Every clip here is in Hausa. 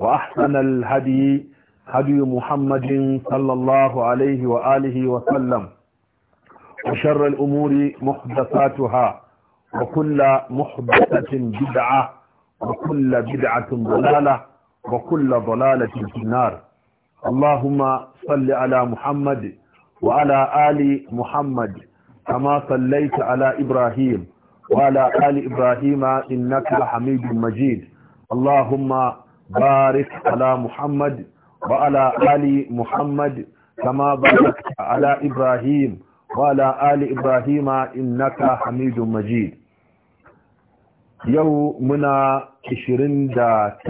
وأحسن الهدي هدي محمد صلى الله عليه وآله وسلم وشر الأمور محدثاتها وكل محدثة بدعة وكل بدعة ضلالة وكل ضلالة في النار اللهم صل على محمد وعلى آل محمد كما صليت على إبراهيم وعلى آل إبراهيم إنك حميد مجيد اللهم بارك على محمد وعلى آل محمد كما باركت على إبراهيم وعلى آل إبراهيم إنك حميد مجيد yau muna 29 ga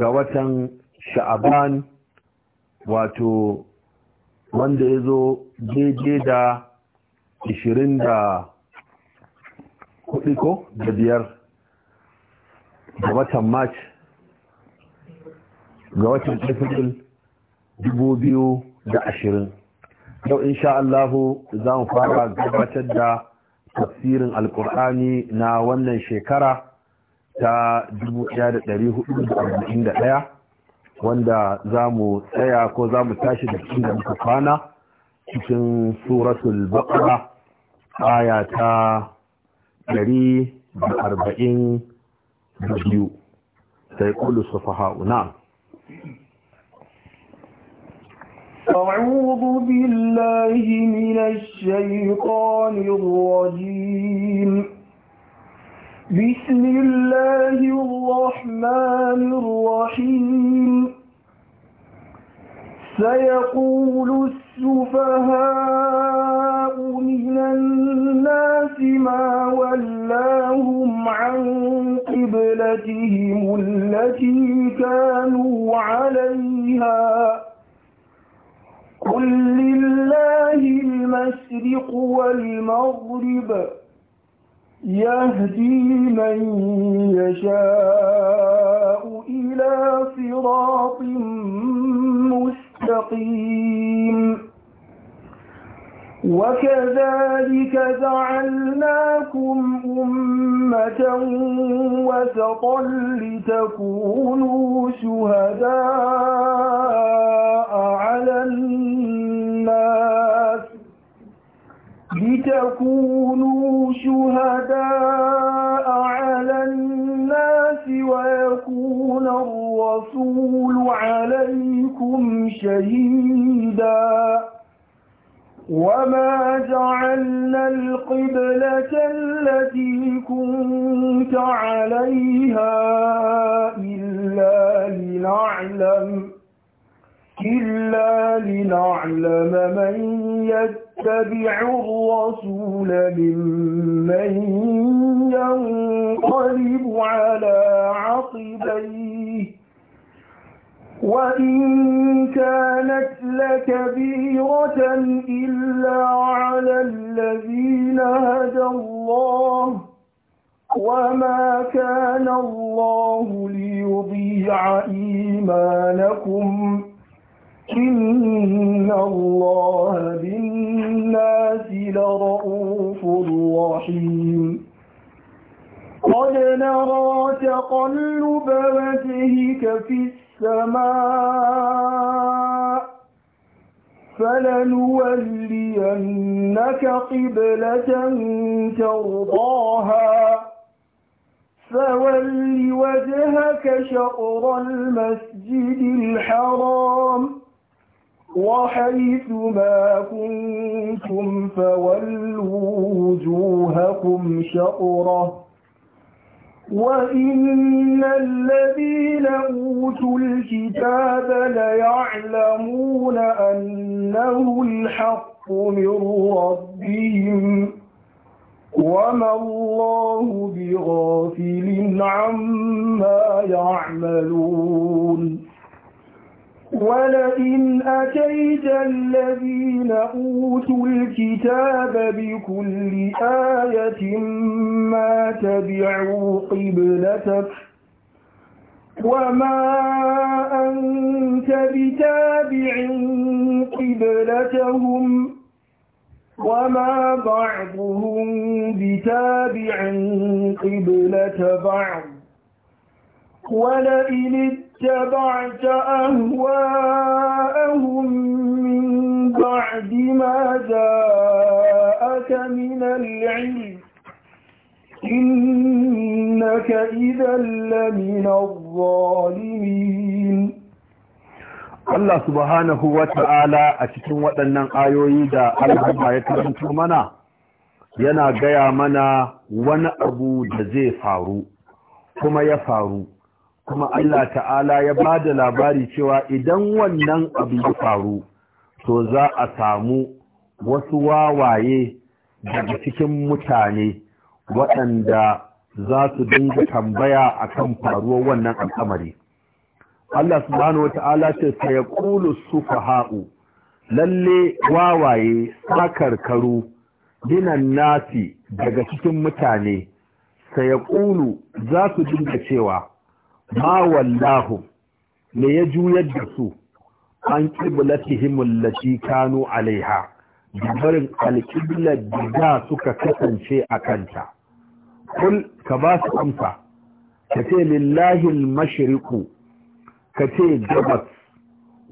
watan sha'aban wato wanda ya zo daidai da 24 ko da biyar ga watan march ga watan april ashirin yau insha Allahu za mu fara gabatar da tafsirin alkur'ani na wannan shekara ta 1441 wanda za mu tsaya ko za mu tashi da cikin muka kwana cikin suratul baqara aya ta 142 sai kullu sufaha'u na'am أعوذ بالله من الشيطان الرجيم بسم الله الرحمن الرحيم سيقول السلام السفهاء من الناس ما ولاهم عن قبلتهم التي كانوا عليها قل لله المشرق والمغرب يهدي من يشاء إلى صراط مستقيم وكذلك جعلناكم أمة وسطا لتكونوا شهداء على الناس لتكونوا شهداء على الناس ويكون الرسول عليكم شهيداً وما جعلنا القبلة التي كنت عليها إلا لنعلم إلا لنعلم من يتبع الرسول ممن ينقلب على عقبيه وإن كانت لكبيرة إلا على الذين هدى الله وما كان الله ليضيع إيمانكم إن الله بالناس لرؤوف رحيم قد نرى تقلب وجهك في السماء فلنولينك قبلة ترضاها فول وجهك شقر المسجد الحرام وحيث ما كنتم فولوا وجوهكم شقره وَإِنَّ الَّذِينَ أُوتُوا الْكِتَابَ لَيَعْلَمُونَ أَنَّهُ الْحَقُّ مِنْ رَبِّهِمْ وَمَا اللَّهُ بِغَافِلٍ عَمَّا يَعْمَلُونَ ولئن أتيت الذين أوتوا الكتاب بكل آية ما تبعوا قبلتك وما أنت بتابع قبلتهم وما بعضهم بتابع قبلة بعض ولئن اتبعت أهواءهم من بعد ما جاءك من العلم إنك إذا لمن الظالمين Allah subhanahu wa ta'ala a cikin waɗannan ayoyi da al’amma ya karanta mana yana gaya mana wani abu da zai faru kuma ya faru kuma Allah ta'ala ya ba da labari cewa idan wannan abu ya faru to za a samu wasu wawaye daga cikin mutane waɗanda za su dinga tambaya a kan faruwar wannan al'amari Allah subhanahu wa ta'ala ce sayaqulu sufaha'u lalle wawaye sakarkaru dinan nasi daga cikin mutane ƙulu za su dinga cewa ma wallahu me ya juyar da su an qiblatihim allati kanu alaiha barin alƙiblar da suka kasance a kanta kul ka ba su amsa ka ce lillahi al ka ce gabas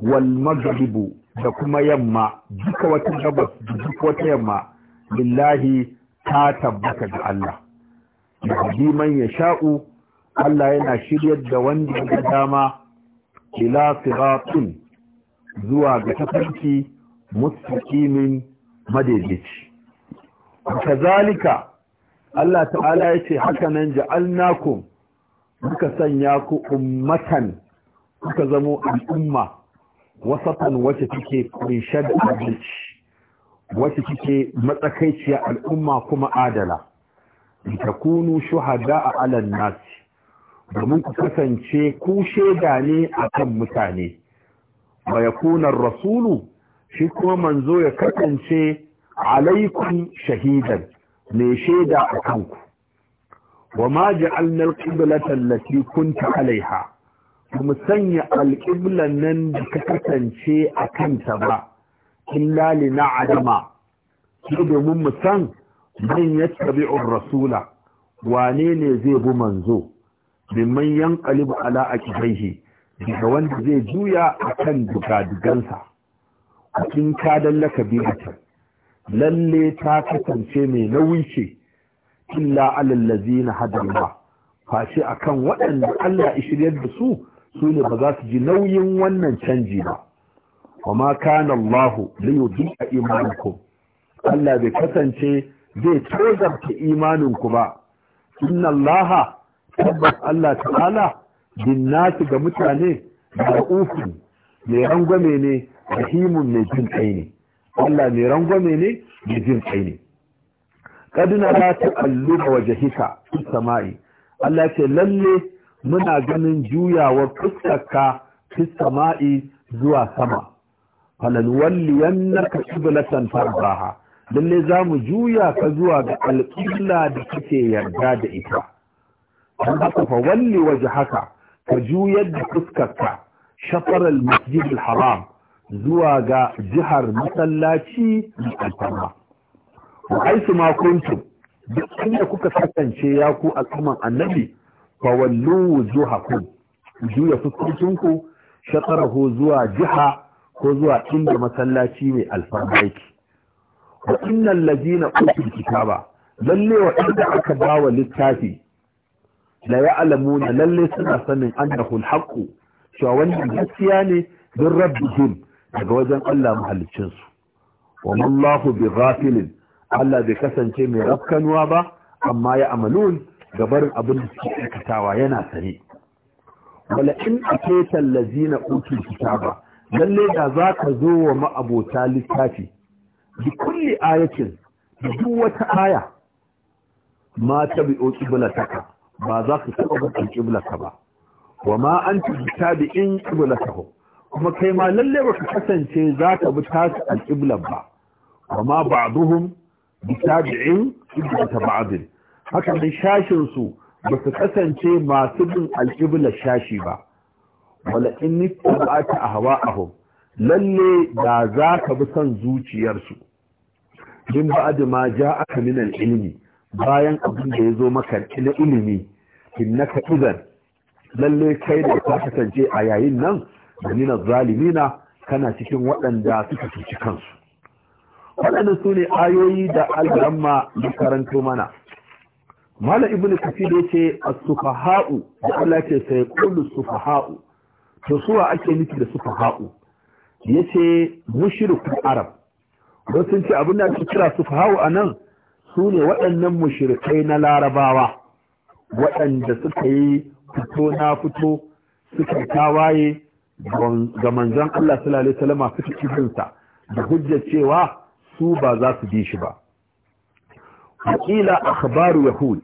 wal maghribu da kuma yamma duka wata gabas da duka wata yamma lillahi ta tabbata ga Allah yahdi man yasha'u Allah yana shiryar da wanda ya dama ila siratun zuwa ga tafarki mustaqimin madaidaici kazalika Allah ta'ala yace haka nan ja'alnakum muka sanya ku ummatan kuka zamo al'umma wasatan wacce take kunshe da adalci wacce take matsakaiciya al'umma kuma adala litakunu shuhada a alan nasi domin ku kasance ku shaida ne akan mutane ya yakuna rasulu shi kuma manzo ya kasance alaikun shahidan mai shaida a kanku wa ma ja'alna al-qiblata allati kunta alaiha mu sanya alƙiblan nan da ka kasance a kanta ba illa li Adama. sai domin mu san man yattabi'ur rasula wane ne zai bi manzo mimman yanqalibu ala aqibaihi daga wanda zai juya akan dugadugansa kin ka dallaka bidatan lalle ta kasance mai nauyi ce illa alal ladzina hadalla fashi akan waɗanda Allah ya shiryar da su su ne ba za su ji nauyin wannan canji ba wa ma kana Allah imaninku. Allah bai kasance zai tozarta imaninku ba inna tabbas Allah ta'ala shi ga mutane ra'ufun mai rangwame ne rahimun mai jin kai ne Allah mai rangwame ne mai jin kai ne kaduna la waje wajhika fi sama'i Allah ce lalle muna ganin juyawar fuskarka fi sama'i zuwa sama falal walliyannaka qiblatan farbaha lalle zamu juya ka zuwa ga alƙibla da kake yarda da ita don haka fa walli waje haka ka juyar da fuskarka shafarar al-masjid haram zuwa ga jihar masallaci mai alfarma wa aisu ma kuntum duk inda kuka kasance ya ku al'umman annabi fa wallu ku juya fuskokinku shatarahu zuwa jiha ko zuwa inda masallaci mai alfarma yake wa innal ladina utul kitaba lalle wa inda aka bawa littafi la na lalle suna sanin annahu al-haqqu cewa wannan gaskiya ne bin rabbihim daga wajen Allah mahaliccinsu. wa mallahu bi ghafilin Allah bai kasance mai rafkanuwa ba amma ya amalun gabarin abin da suke aikatawa yana sane wala in atayta allazina utul kitaba lalle da ka zo wa ma'abota littafi bi kulli ayatin duk wata aya ma bula taka. ba za ka taɓa bakin ƙiblaka ba wa ma an ta bi in ƙiblaka ho kuma kai ma lalle ba ka kasance za ka bi ta alƙiblan ba wa ma ba'duhum bi tabi'in ƙiblaka abin. haka nan shashin su ba su kasance masu bin alƙiblar shashi ba wala in a ahwa'ahum lalle da za ka bi son zuciyarsu din ba'ad ma ja'aka min al-ilmi bayan abin da ya zo maka na ilimi innaka idan lalle kai da ka kasance a yayin nan da zalimina kana cikin waɗanda suka cuci kansu waɗanda su ne ayoyi da al'amma da karanto mana malam ibn kafir yace a sufahau da Allah ke sai kullu sufaha'u to suwa ake nufi da sufaha'u yace mushriku arab wasu ce abin da ake kira sufaha'u anan su ne waɗannan mushirikai na larabawa waɗanda suka yi fito na fito suka tawaye ga manzon Allah sallallahu alaihi wasallam suka da hujjar cewa su ba za su bi shi ba wakila a habaru yahud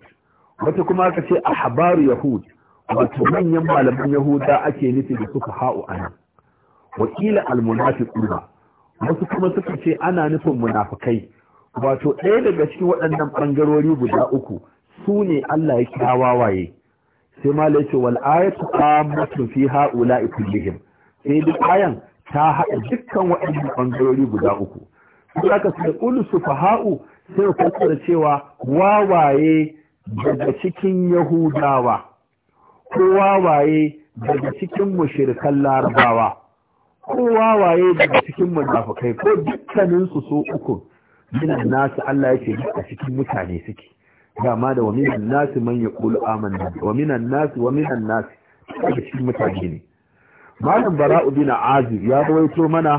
wata kuma aka ce a habaru yahud wato manyan malaman yahuda ake nufi da suka ha'u a nan wakila almunafiquna wasu kuma suka ce ana nufin munafukai wato ɗaya daga cikin waɗannan ɓangarori guda uku su ne Allah ya kira wawaye sai ma lace wal ayatu qamatun fi haula'i kullihim sai duk ayan ta haɗa dukkan waɗannan ɓangarori guda uku sai aka sai ulu Faha'u sai ku cewa wawaye daga cikin yahudawa ko wawaye daga cikin mushrikan larabawa ko wawaye daga cikin munafikai ko dukkaninsu su uku minan nasu Allah yake a cikin mutane suke dama da wa nasu man yaqulu amanna wa minan nasu wa minan nasu daga cikin mutane ne malam bara'u bin azib ya rawaito mana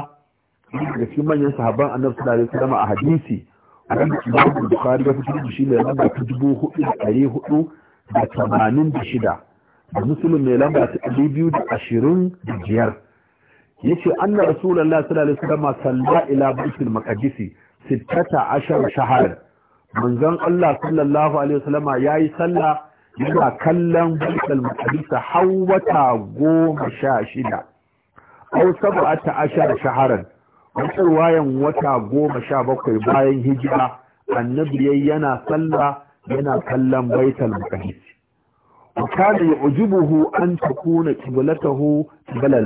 daga cikin manyan sahabban annabi sallallahu alaihi wasallam a hadisi a kan Imam Bukhari ya fitar da shi ne lamba ta dubu hudu da ɗari hudu da tamanin da shida da Musulun mai lamba ta ɗari biyu da ashirin da biyar yace anna rasulullahi sallallahu alaihi wasallam salla ila baitul maqdis sittata ashar shahar manzon Allah sallallahu alaihi wasallama yayi sallah yana kallon baitul maqdis har wata goma sha shida aw sab'ata ashar shaharan wata wayan wata goma sha bakwai bayan hijira annabi yayi yana sallah yana kallon baitul maqdis wa kana yu'jibuhu an takuna qiblatahu qibla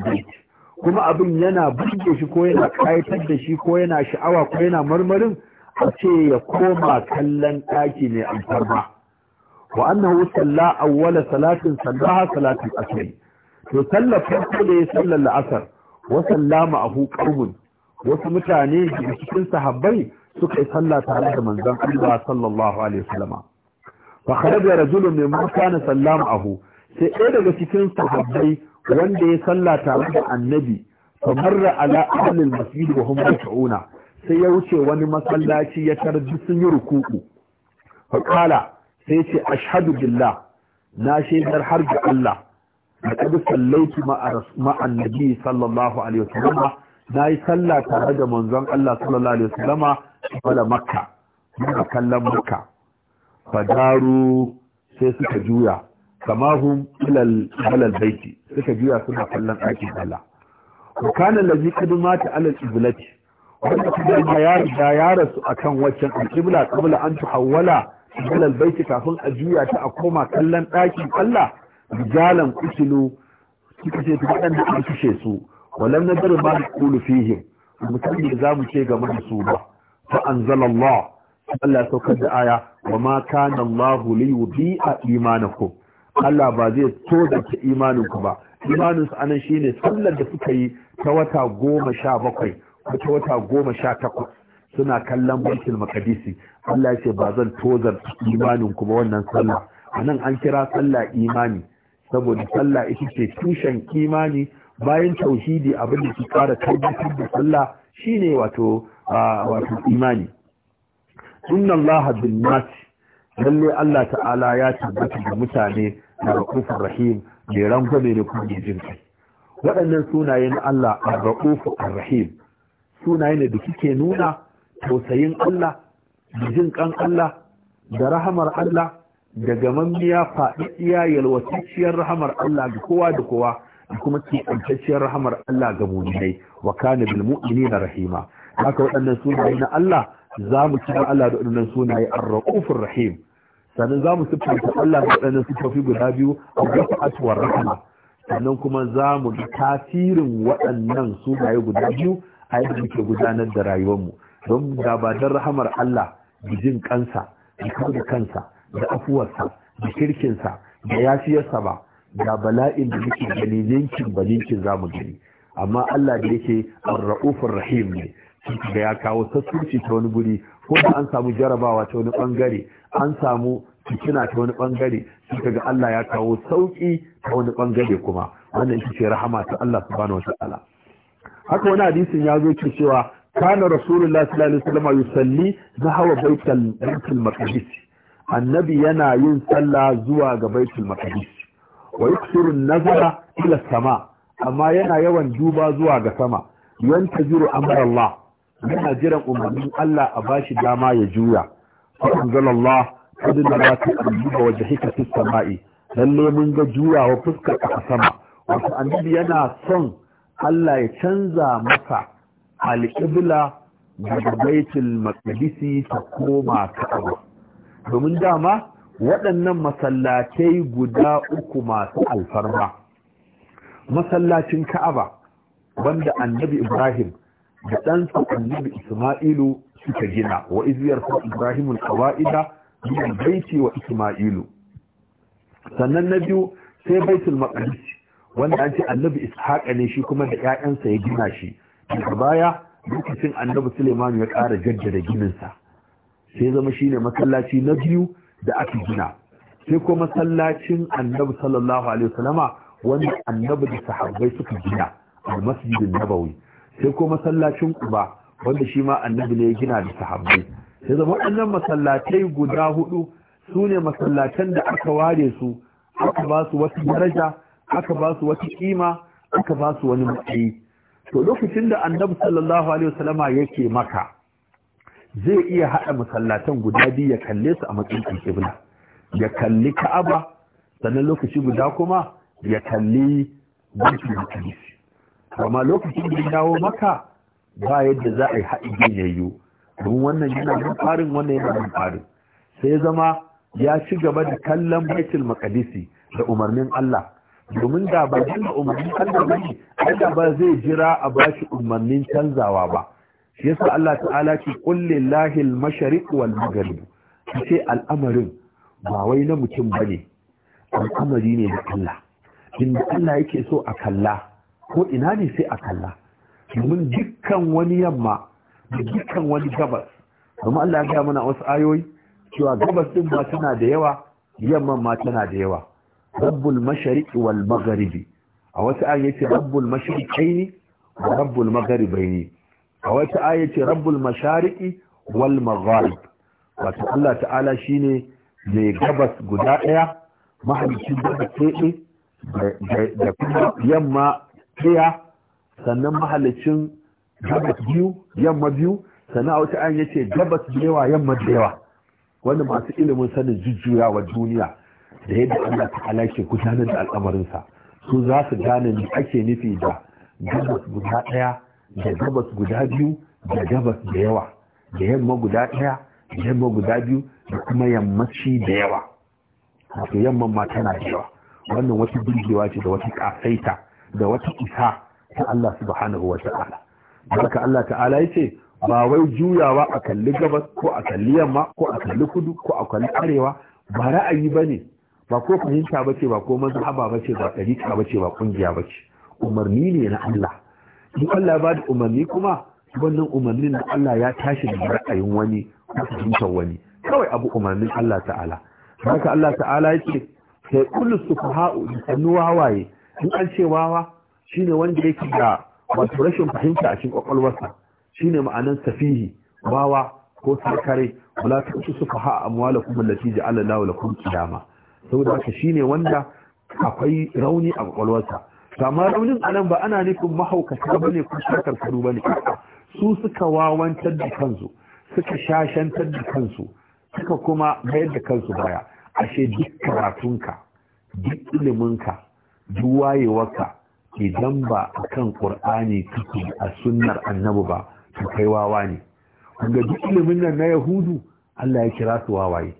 kuma abin yana burge shi ko yana kayatar da shi ko yana sha'awa ko yana marmarin a ce ya koma kallon ɗaki mai alfarma wa annahu salla awwala salatin sallaha salatin asri to sallar farko da ya sallar la'asar wa sallama ahu qaumun wasu mutane da cikin sahabbai suka yi sallah tare da manzon Allah sallallahu alaihi wasallam fa kharaja rajulun mimman kana sallama ahu sai ɗaya daga cikin sahabbai wanda ya salla tare da annabi kamar marra ala ahli al-masjid wa hum sai ya wuce wani masallaci ya tarbi sun yi ruku'u fa qala sai ce ashhadu billah na shaidar har ga Allah laqad sallaitu ma'a annabi sallallahu alaihi wasallam na yi sallah tare da manzon Allah sallallahu alaihi wasallam wala makka muna kallon makka fadaru sai suka juya kama hum alal baiti suka juya suna kallon ɗakin Allah wa kana allazi qad mata alal qiblati wanda kuma ma ya riga ya rasu akan waccan alqibla qabla an tuhawwala alal baiti kafin a juya ta a koma kallon ɗakin Allah rijalan kutilu suka ce waɗanda an kashe su walam ba ma kulu fihim mutum da zamu ce game da su ba fa anzalallah Allah ya saukar da aya wa ma kana Allah li a imanakum Allah ba zai so da ta imaninku ba imaninsu anan shine sallar da suka yi ta wata goma sha bakwai ko ta wata goma sha takwas suna kallon bankin makadisi Allah ya ce ba zan tozar imaninku ba wannan sallah anan an kira sallah imani saboda sallah ita ce tushen imani bayan tauhidi abin da ke kara tabbatar da sallah shine wato wato imani inna Allah bin nas lalle Allah ta'ala ya tabbata da mutane na ra'ufur rahim mai rangwame ne kuma mai kai waɗannan sunayen Allah ar rahim sunaye ne da kike nuna tausayin Allah da jin kan Allah da rahamar Allah da gamammiya faɗiɗiya yalwatacciyar rahamar Allah ga kowa da kowa da kuma keɓantacciyar rahamar Allah ga muminai wa kana bil mu'minina rahima haka waɗannan sunaye na Allah za mu kira Allah da waɗannan sunaye ar rahim sannan za mu siffanta Allah da waɗannan siffofi guda biyu a wata atuwar rahama sannan kuma za mu tasirin waɗannan sunaye guda biyu a yadda muke gudanar da rayuwarmu don da ba don rahamar Allah da jin kansa da kawai kansa da afuwarsa da kirkinsa da yafiyarsa ba da bala'in da muke gani ninkin ba ninkin za mu gani amma Allah da yake ar-ra'ufur rahim ne ga ya kawo sassurci ta wani guri ko da an samu jarabawa ta wani bangare an samu cikina ta wani bangare sai ga Allah ya kawo sauki ta wani bangare kuma wannan ita ce rahama ta Allah subhanahu wataala haka wani hadisin ya zo ke cewa kana rasulullah sallallahu alaihi wasallam yusalli zahawa baital baitul maqdis annabi yana yin sallah zuwa ga baitul maqdis wa nazara ila sama amma yana yawan duba zuwa ga sama yantajiru amra Allah yana jiran umarnin Allah a bashi dama ya juya fa anzalallah qadna la tuqribu wajhika fis sama'i lalle mun ga juyawa fuskar a sama Wasu annabi yana son Allah ya canza masa alƙibla qibla daga baitul maqdisi ta koma ka'aba domin dama waɗannan masallatai guda uku masu alfarma masallacin ka'aba wanda annabi ibrahim da ɗansa annabi Isma'ilu suka gina wa iziyar sa Ibrahim al-Qawaida baiti wa Isma'ilu sannan na biyu sai baitul maqdis wanda an ce annabi Ishaq ne shi kuma da ƴaƴansa ya gina shi daga baya lokacin annabi Suleiman ya ƙara jaddada ginin sa sai zama shine masallaci na biyu da aka gina sai kuma masallacin annabi sallallahu alaihi wasallama wanda annabi da sahabbai suka gina al-masjidin nabawi sai ko masallacin ƙuba wanda shi ma annabi ne ya gina da sahabbai sai zama waɗannan masallatai guda hudu su ne masallatan da aka ware su aka ba su wata daraja aka ba su wata kima aka ba su wani matsayi to lokacin da annabi sallallahu alaihi wasallama yake maka zai iya haɗa masallatan guda biyu ya kalle su a matsayin kibla ya kalli ka'aba sannan lokaci guda kuma ya kalli bankin hadisi amma lokacin da dawo maka ba yadda za a yi haɗi jin yayyo domin wannan yana nan farin wannan yana nan farin sai ya zama ya ci gaba da kallon baitul maqdisi da umarnin Allah domin da ba da umarnin Allah ne, Allah ba zai jira a bashi umarnin canzawa ba shi yasa Allah ta'ala ce qul lillahi al-mashriq wal maghrib ce al'amarin ba wai na mutum bane al'amari ne da Allah inda Allah yake so a kalla ko ina ne sai a kalla domin dukkan wani yamma da dukkan wani gabas domin Allah ya mana wasu ayoyi cewa gabas ɗin ma tana da yawa yamman ma tana da yawa rabbul mashariq wal magharibi a wasu ayoyi yace rabbul mashriqaini wa rabbul magharibaini a wata ayi yace rabbul mashariqi wal magharib wato Allah ta'ala shine mai gabas guda ɗaya, mahalicin da ke da yamma ɗaya sannan mahallicin gabas biyu yamma biyu sannan a wata ayan ce gabas da yamma da yawa wanda masu ilimin sanin jujjuyawa duniya da yadda Allah ta'ala ke gudanar da al'amarinsa su za su gane ne ake nufi da gabas guda ɗaya da gabas guda biyu da gabas da yawa da yamma guda ɗaya da yamma guda biyu da kuma yammaci da yawa wato yamman ma tana da yawa wannan wata birgewa ce da wata ƙasaita da wata isa ta Allah subhanahu wa ta'ala barka Allah ta'ala yace ba wai juyawa a kalli gabas ko a kalli yamma ko a kalli kudu ko a kalli arewa ba ra'ayi bane ba ko fahimta bace ba ko mazhaba bace ba dariqa bace ba kungiya bace umarni ne na Allah in Allah ba da umarni kuma wannan umarnin na Allah ya tashi da ra'ayin wani ko fahimtar wani kawai abu umarnin Allah ta'ala haka Allah ta'ala yace sai kullu sufaha'u sanu wawaye in an ce wawa shine wanda yake da wato rashin fahimta a cikin kwakwalwarsa ne ma'anar safihi wawa ko sarkare wala muwala kuma lafi allati ja'ala lawa lakum kiyama saboda haka ne wanda akwai rauni a kwakwalwarsa amma raunin anan ba ana nufin mahaukata bane ko sarkar ba bane su suka wawantar da kansu suka shashantar da kansu suka kuma mayar da kansu baya ashe duk karatunka duk iliminka duk ke idan ba a kan ƙur'ani kake a sunnar annabu ba to kai wawa ne wanda duk ilimin nan na yahudu Allah ya kira su wawaye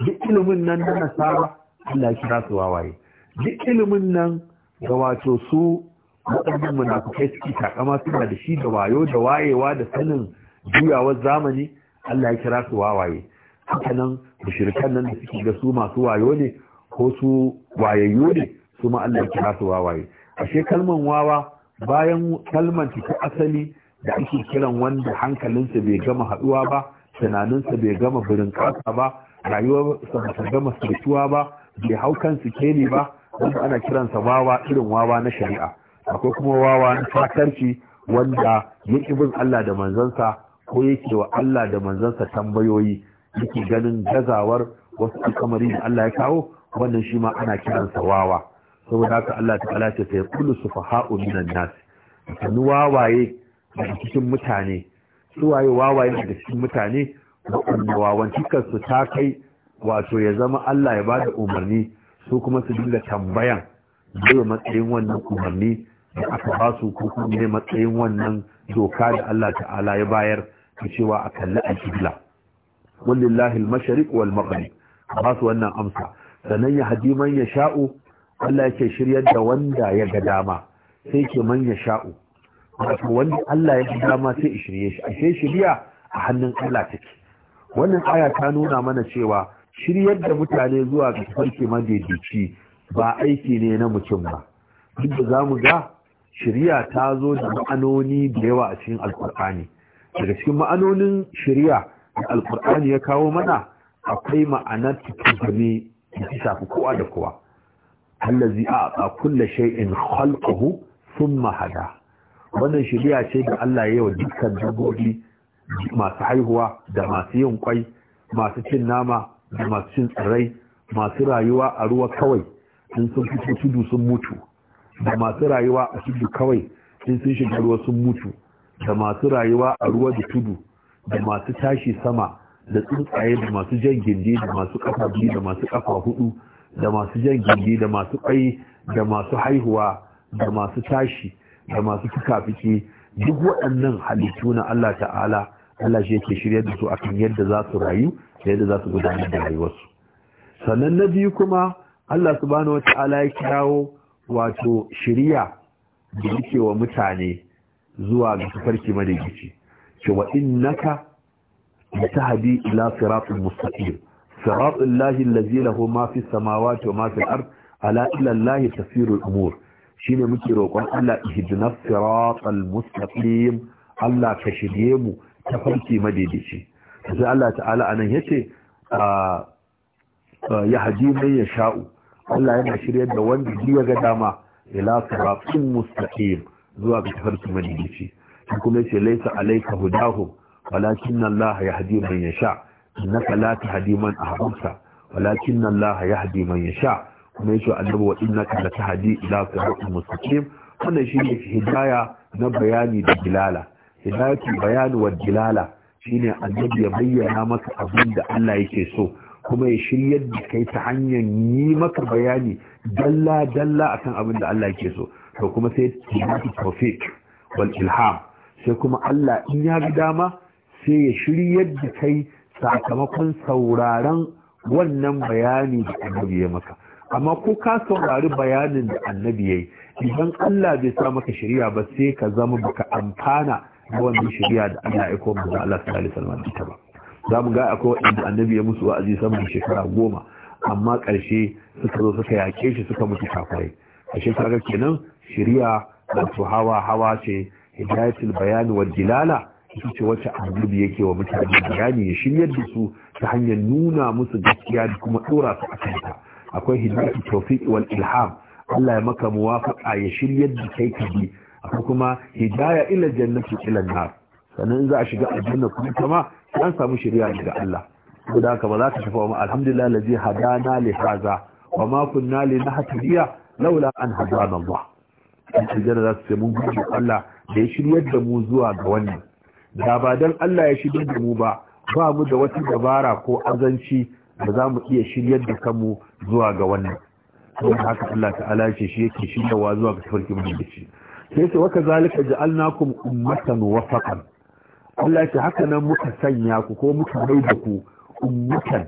duk ilimin nan na nasara Allah ya kira su wawaye duk ilimin nan ga wato su waɗannan munafukai suke takama suna da shi da wayo da wayewa da sanin juyawar zamani Allah ya kira su wawaye haka nan shirkan nan da suke ga su masu wayo ne ko su wayayyu ne su ma Allah ya kira su wawaye ashe kalman wawa bayan kalman ta asali da ake kiran wanda hankalinsa bai gama haduwa ba tunaninsa bai gama birin kasa ba rayuwarsa ba ta gama sarkuwa ba bai hau su keli ba wanda ana kiransa wawa irin wawa na shari'a akwai kuma wawa na fatarci wanda ya bin Allah da manzansa ko yake wa Allah da manzansa tambayoyi yake ganin gazawar wasu alkamari da Allah ya kawo wannan shi ma ana kiransa wawa saboda haka Allah ta'ala ce sai kullu sufaha'u minan nas sanu wawaye daga cikin mutane su waye wawaye daga cikin mutane waɗanda su ta kai wato ya zama Allah ya bada umarni su kuma su dinga tambayan zai matsayin wannan umarni da aka ba su ko kuma ne matsayin wannan doka da Allah ta'ala ya bayar ta cewa a kalli al-qibla wallahi al-mashariq wal maghrib ba su wannan amsa sanan ya hadiman man ya sha'u Allah yake shiryar da wanda ya ga dama sai ke man sha'u wato wanda Allah ya ga dama sai shirye shi ashe shiriya a hannun Allah take wannan aya ta nuna mana cewa shiryar da mutane zuwa ga farki madaidaici ba aiki ne na mutum ba duk da mu ga shirya ta zo da ma'anoni da yawa a cikin alkur'ani daga cikin ma'anonin shiriya da alkur'ani ya kawo mana akwai ma'anar tukuzumi da ta shafi kowa da kowa allazi a'ta kulli shay'in khalqahu thumma hada wannan shari'a ce da Allah ya yi wa dukkan dabbobi masu haihuwa da masu yin kwai masu cin nama da masu cin tsirrai masu rayuwa a ruwa kawai in sun fito tudu sun mutu da masu rayuwa a tudu kawai in sun shiga ruwa sun mutu da masu rayuwa a ruwa da tudu da masu tashi sama da tsuntsaye da masu jan gindi da masu kafa biyu da masu kafa hudu da masu jan gindi da masu kai da masu haihuwa da masu tashi da masu fikafiki duk waɗannan halittu na Allah ta'ala Allah shi yake shirya da su akan yadda za su rayu da yadda za su gudanar da rayuwarsu sannan na biyu kuma Allah subhanahu wata'ala ya kirawo wato shirya da yake wa mutane zuwa ga tafarki madagici cewa innaka da tahdi ila siratul mustaqim صراط الله الذي له ما في السماوات وما في الارض الا الى الله muke rokon Allah ihdina siratal mustaqim Allah ka shige mu ta farki madaidaici sai Allah ta'ala anan yace ya haji mai ya sha'u Allah yana shirye da wanda zai ga dama ila siratal mustaqim zuwa ga tafarki madaidaici kuma yace laysa alaika hudahu walakin Allah yahdi man yasha' innaka la tahdi man ahbabta walakin Allah yahdi man yasha kuma yace annabi wa innaka la tahdi ila siratin mustaqim wannan shine hidaya na bayani da dilala hidayatul bayani wa dilala shine annabi ya bayyana maka abin da Allah yake so kuma ya shiryar da kai ta hanyar yi maka bayani dalla dalla akan abin da Allah yake so to kuma sai hidayatul tawfiq wal ilham sai kuma Allah in ya ga dama sai ya shiryar da kai sakamakon sauraron wannan bayani da annabi ya maka amma ko ka saurari bayanin da annabi ya yi idan Allah bai sa maka shari'a ba sai ka zama baka amfana da wannan shari'a da Allah ya aiko manzo Allah sallallahu alaihi wasallam ba za mu ga akwai wanda annabi ya musu wa'azi sama da shekara goma amma ƙarshe suka zo suka yake shi suka mutu kafai a shekara kenan shari'a su hawa hawa ce hidayatul bayani wa dilala su ce wacce annabi yake wa mutane bayani ya shiryar da su ta hanyar nuna musu gaskiya da kuma dora su akan ta akwai hidayatu tawfiq wal ilham Allah ya maka muwafaqa ya shiryar da kai ka bi akwai kuma hidaya ila jannati ila nar sannan za a shiga aljanna kuma kama an samu shiriya daga Allah saboda haka ba za ka shafa alhamdulillah allazi hadana li hadha wa ma kunna linahtadiya laula an hadana Allah aljanna za su ce mun gudu Allah da ya shiryar da mu zuwa ga wannan da ba don Allah ya shirya da mu ba ba mu da wata dabara ko azanci da za mu iya shiryar da kanmu zuwa ga wannan don haka Allah ta'ala ce shi yake shiryawa zuwa ga tafarki mu Sai shi sai ce waka zalika ja'alnakum ummatan wafaqan Allah ce haka nan muka sanya ku ko muka mai da ku ummatan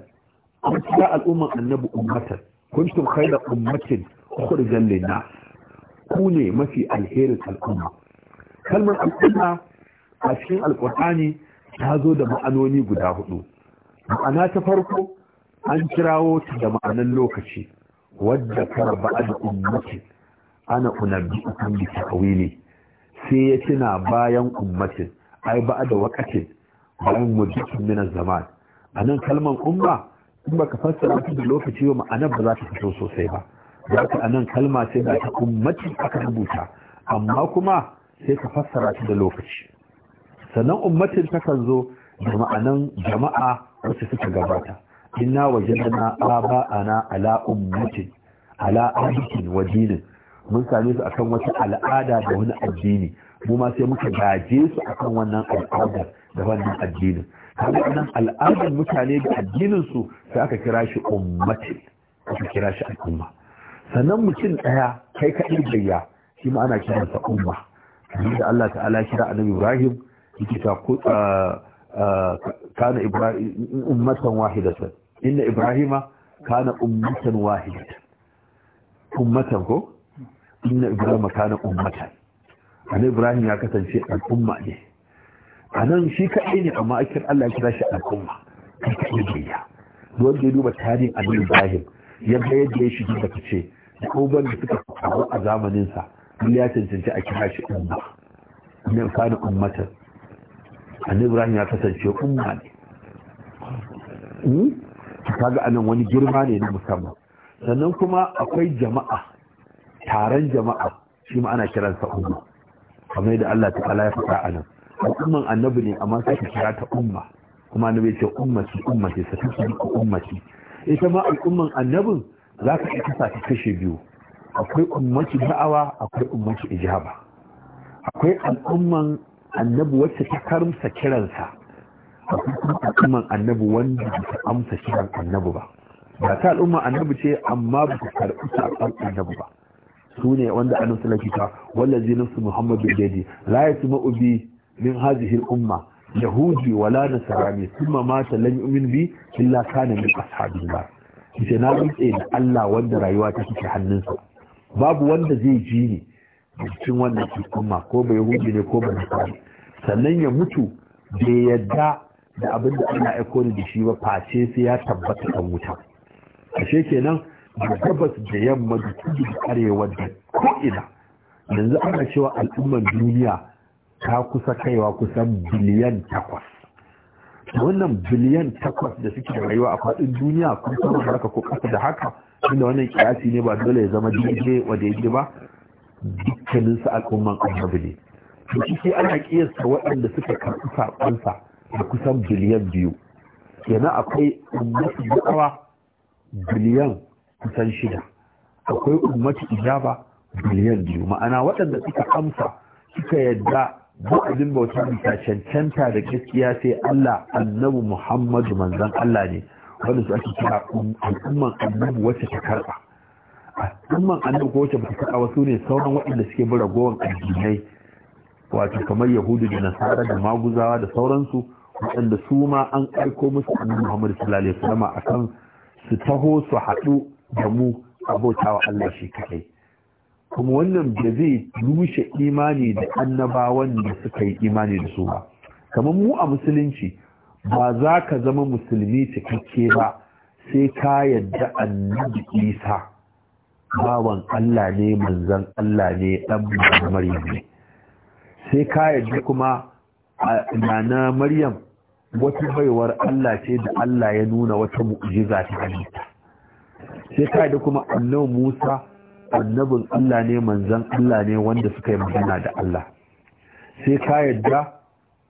kun ta al'umman annabi ummatan kuntum khayra ummatin ukhrijal lin-nas ku ne mafi alherin al'umma kalmar al'umma a cikin alkur'ani ta zo da ma'anoni guda hudu ma'ana ta farko an kirawo ta da ma'anan lokaci wadda kara da ummati ana unabbi akan bi sai ya tuna bayan ummatin ai ba da wakati bayan muddatin zama. zaman nan kalman umma in baka fassara ta da lokaci ba ma'anar ba za ta fito sosai ba za ka nan kalma sai da ta ummati aka rubuta amma kuma sai ka fassara ta da lokaci sannan ummatin takan zo da ma'anan jama'a wasu suka gabata inna waje aba'ana ala ummatin ala adikin wa dinin mun same su akan wata al'ada da wani addini mu ma sai muka gaje su akan wannan al'adar da wannan addinin kaga nan al'adar mutane da addinin su sai aka kira shi ummatin aka kira shi al'umma sannan mutum daya kai kaɗai bayya shi ma ana kiransa umma da Allah ta'ala kira annabi Ibrahim yake ta ku kana ibrahim ummatan wahidatan inna ibrahima kana ummatan wahidatan ummatan ko inna ibrahima kana ummatan an ibrahim ya kasance al'umma ne a shi kaɗai ne amma akin allah ya kira shi al'umma kai kaɗai ne ya wanda ya duba tarihin annabi ibrahim yadda yadda ya shiga da kace da abubuwan da suka faru a zamaninsa ya cancanci a kira shi umma annabi ibrahim ya kasance umma ne hmm? kaga anan wani girma ne na musamman sannan kuma akwai jama'a taron jama'a shi ma ana kiransa umma kamar da Allah ta'ala ya faɗa anan al'umman annabi ne amma sai ka kira ta umma kuma annabi ya ce ummati ummati sa tasbiku ummati ita ma al'umman annabin za ka iya sa ta kashe biyu akwai ummati da'awa akwai ummati ijaba akwai al'umman annabi wacce ta karmsa kiransa a kuma al'umman annabi wanda ba ta amsa kiran annabi ba ba ta al'umma annabi ce amma ba ta karɓi saƙon annabi ba su ne wanda annabi sallallahu alaihi wasallam zai nafsu muhammadu biyadi la yasma'u bi min hadhihi umma yahudi wala nasrani thumma mata lam yu'min bi illa kana min ashabin nar ita na rutse da Allah wanda rayuwa ta take hannunsa babu wanda zai ji ni cikin wannan al'umma ko bai hudu ne ko bai nasara sannan ya mutu bai yadda da abin da ana aiko ni da shi ba face sai ya tabbata kan wuta ashe kenan da gabas da yamma da kudu da arewa da ko'ina yanzu ana cewa al'umman duniya ta kusa kaiwa kusan biliyan takwas wannan biliyan takwas da suke rayuwa a faɗin duniya kun sama haka ko ƙasa da haka inda wannan kiyasi ne ba dole ya zama daidai wa daidai ba dukkaninsu al'umman annabi ne to shi ana kiyasta waɗanda suka karɓi saƙonsa da kusan biliyan biyu yana akwai ummatu da'awa biliyan kusan shida akwai ummatu ijaba biliyan biyu ma'ana waɗanda suka amsa suka yadda bu'adin bauta bisa cancanta da gaskiya sai Allah annabi Muhammadu manzon Allah ne wanda su ake kira um, al'umman annabi wacce ta karɓa al'umman annabi ko wacce ba ta wasu ne sauran waɗanda suke bi ragowar addinai wato kamar yahudu da nasara da maguzawa da sauransu waɗanda su ma an aiko musu annabi muhammadu sallallahu alaihi wasallam akan su taho su haɗu da mu wa Allah shi kai kuma wannan da zai rushe imani da annabawan da suka yi imani da su ba kamar mu a musulunci ba za ka zama musulmi cikakke ba sai ka yadda annabi isa bawan Allah ne manzan Allah ne ɗan Maryam ne sai ka yadda kuma na Maryam wata baiwar Allah ce da Allah ya nuna wata mu'jiza ta halitta sai ka yadda kuma annabi Musa annabin Allah ne manzan Allah ne wanda suka yi magana da Allah sai ka yadda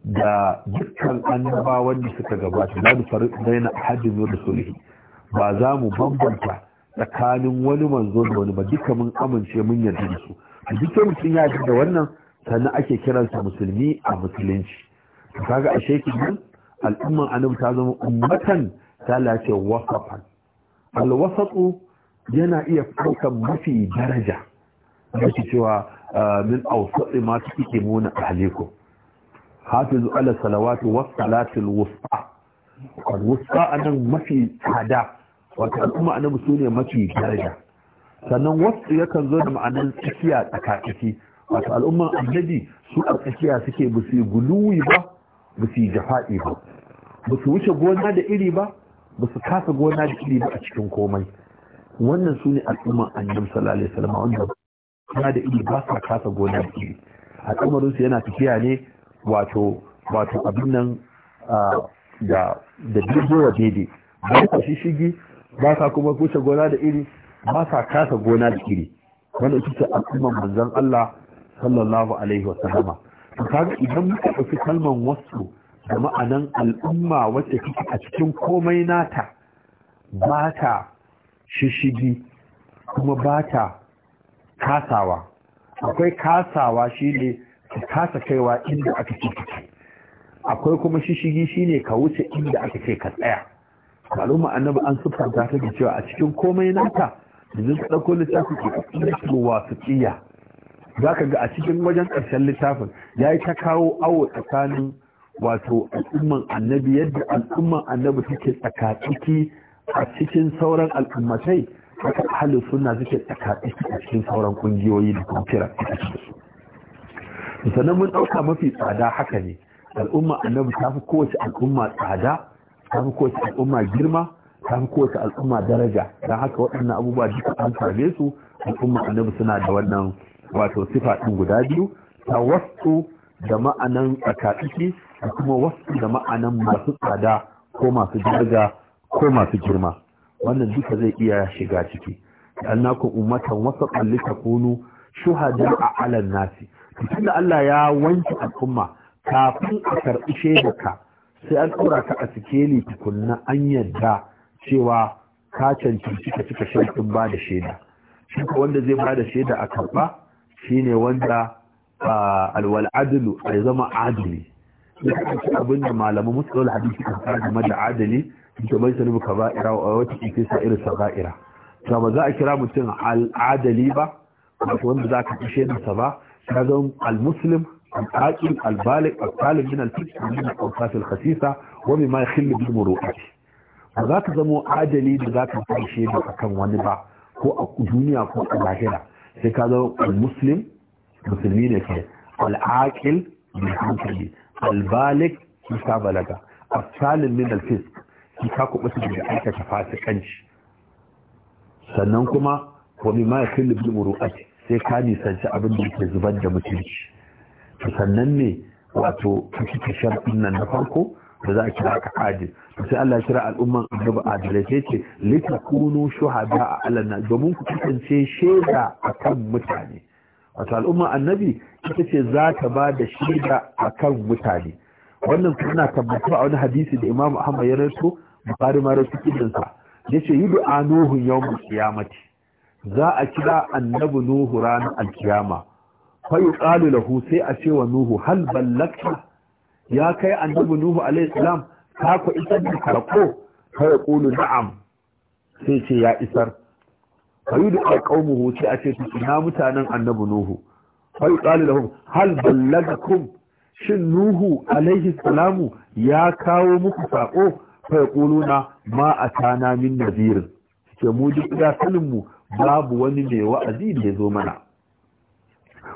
da dukkan annaba wanda suka gabata la da farin daina hajjin da sulhi ba za mu bambanta tsakanin wani manzo da wani ba duka mun amince mun yarda da su duk mutum ya da wannan sannan ake kiransa musulmi a musulunci kaga a shekin nan al'umman annabi ta zama ummatan ta lace wasafan alwasatu yana iya faukan mafi daraja mafi cewa ah, min ausatsi masu ike muna ahalikum hafizu ala salawatu wasu salatul wusta wusta anan mafi tsada wata al'umma annabi su ne mafi daraja sannan wasu yakan zo da ma'anar tsakiya tsakatsaki wato al'umman annabi su a tsakiya suke ba su guluwi ba ba su jafa'i ba ba su wuce gona da iri ba ba su kasa gona da iri ba a cikin komai wannan su ne al'umman annabi sallallahu alaihi wasallam wanda gona da iri ba sa kasa gona da iri al'amarin yana tafiya ne wato wato abin nan ah, da da daidai daidai ba su shigi ba sa kuma kusa gona da iri ba sa kasa gona da iri wanda ita ce al'ummar manzon Allah sallallahu alaihi wa sallama to kaga idan muka ɗauki kalmar wasu da ma'anan al'umma wacce kike a cikin komai nata ba ta shishigi kuma ba ta kasawa akwai kasawa shine ka kasa kaiwa inda aka ce akwai kuma shishigi shine ka wuce inda aka ce ka tsaya al'umma annabi an sufanta ta da cewa a cikin komai nata yanzu ka ɗauko littafin ke wasiƙiya za ka ga a cikin wajen ƙarshen littafin ya yi ta kawo awo tsakanin wato al'umman annabi yadda al'umman annabi take tsakatsiki a cikin sauran al'ummatai haka ahalin suna suke tsakatsiki a cikin sauran ƙungiyoyi da kuma kira sannan mun ɗauka mafi tsada haka ne al'umma annabi ta fi kowace al'umma tsada ta fi kowace al'umma girma ta fi kowace al'umma daraja don haka waɗannan abubuwa duka an same su al'umma annabi suna da wannan wato sifa ɗin guda biyu ta wasu da ma'anan tsakaɗiki da kuma wasu da ma'anan masu tsada ko masu daraja ko masu girma wannan duka zai iya shiga ciki annakum ummatan wasatan kunu shuhada a alan nasi tunda Allah ya wanke al'umma kafin a karɓi shaidarka sai an ɗora ka a sikeli tukunna an yadda cewa ka cancanci ka cika shirkin ba da shaida shi wanda zai ba da shaida a karɓa shine wanda alwal adalu a zama adali ya kaci abin da malamu musulun hadisi kan fara game da adali da bai sanubu ka ba'ira a wata ke sa irin saba'ira ta ba za a kira mutum al'adali ba wato wanda za ka fi shaidarsa ba ka zama al-muslim العاقل البالغ الطالب من الفكر من الأوصاف الخسيسة وبما يخل بالمروءة فذاك زمو عاجلي بذاك الشيء أكم ونبع هو الدنيا هو الظاهرة هكذا المسلم مسلمين كده العاقل من البالغ كتاب لك السالم من الفسق كاكو بس بجعلك كفاسقنش sannan kuma wa bima yakhlu bil muru'ati sai ka nisanci abin da yake zubar da mutunci sannan ne wato kake ta sharɗin nan na farko da za a kira ka adil sai Allah ya kira al'umman annabi adilai sai ce litakunu shuhada a alanna domin ku kasance shaida akan mutane wato al'umman annabi ita ce za ta ba da shaida akan mutane wannan na tabbatar a wani hadisi da Imam Ahmad ya rawaito Bukhari ma rawaito cikin sa yace yudu anuhu yawm qiyamati za a kira annabi nuhu ranar alkiyama fayu ƙalu lahu sai a ce wa nuhu hal ballaka ya kai annabi nuhu alayhi salam ka ku isar da karko fa ya qulu na'am sai ce ya isar fayu da alƙaumuhu sai a ce su ina mutanen annabi nuhu fayu ƙalu lahu hal ballakum shin nuhu alayhi salam ya kawo muku saƙo fa ya qulu na ma a min nazirin ce mu duk da sanin mu babu wani mai wa'azi da ya zo mana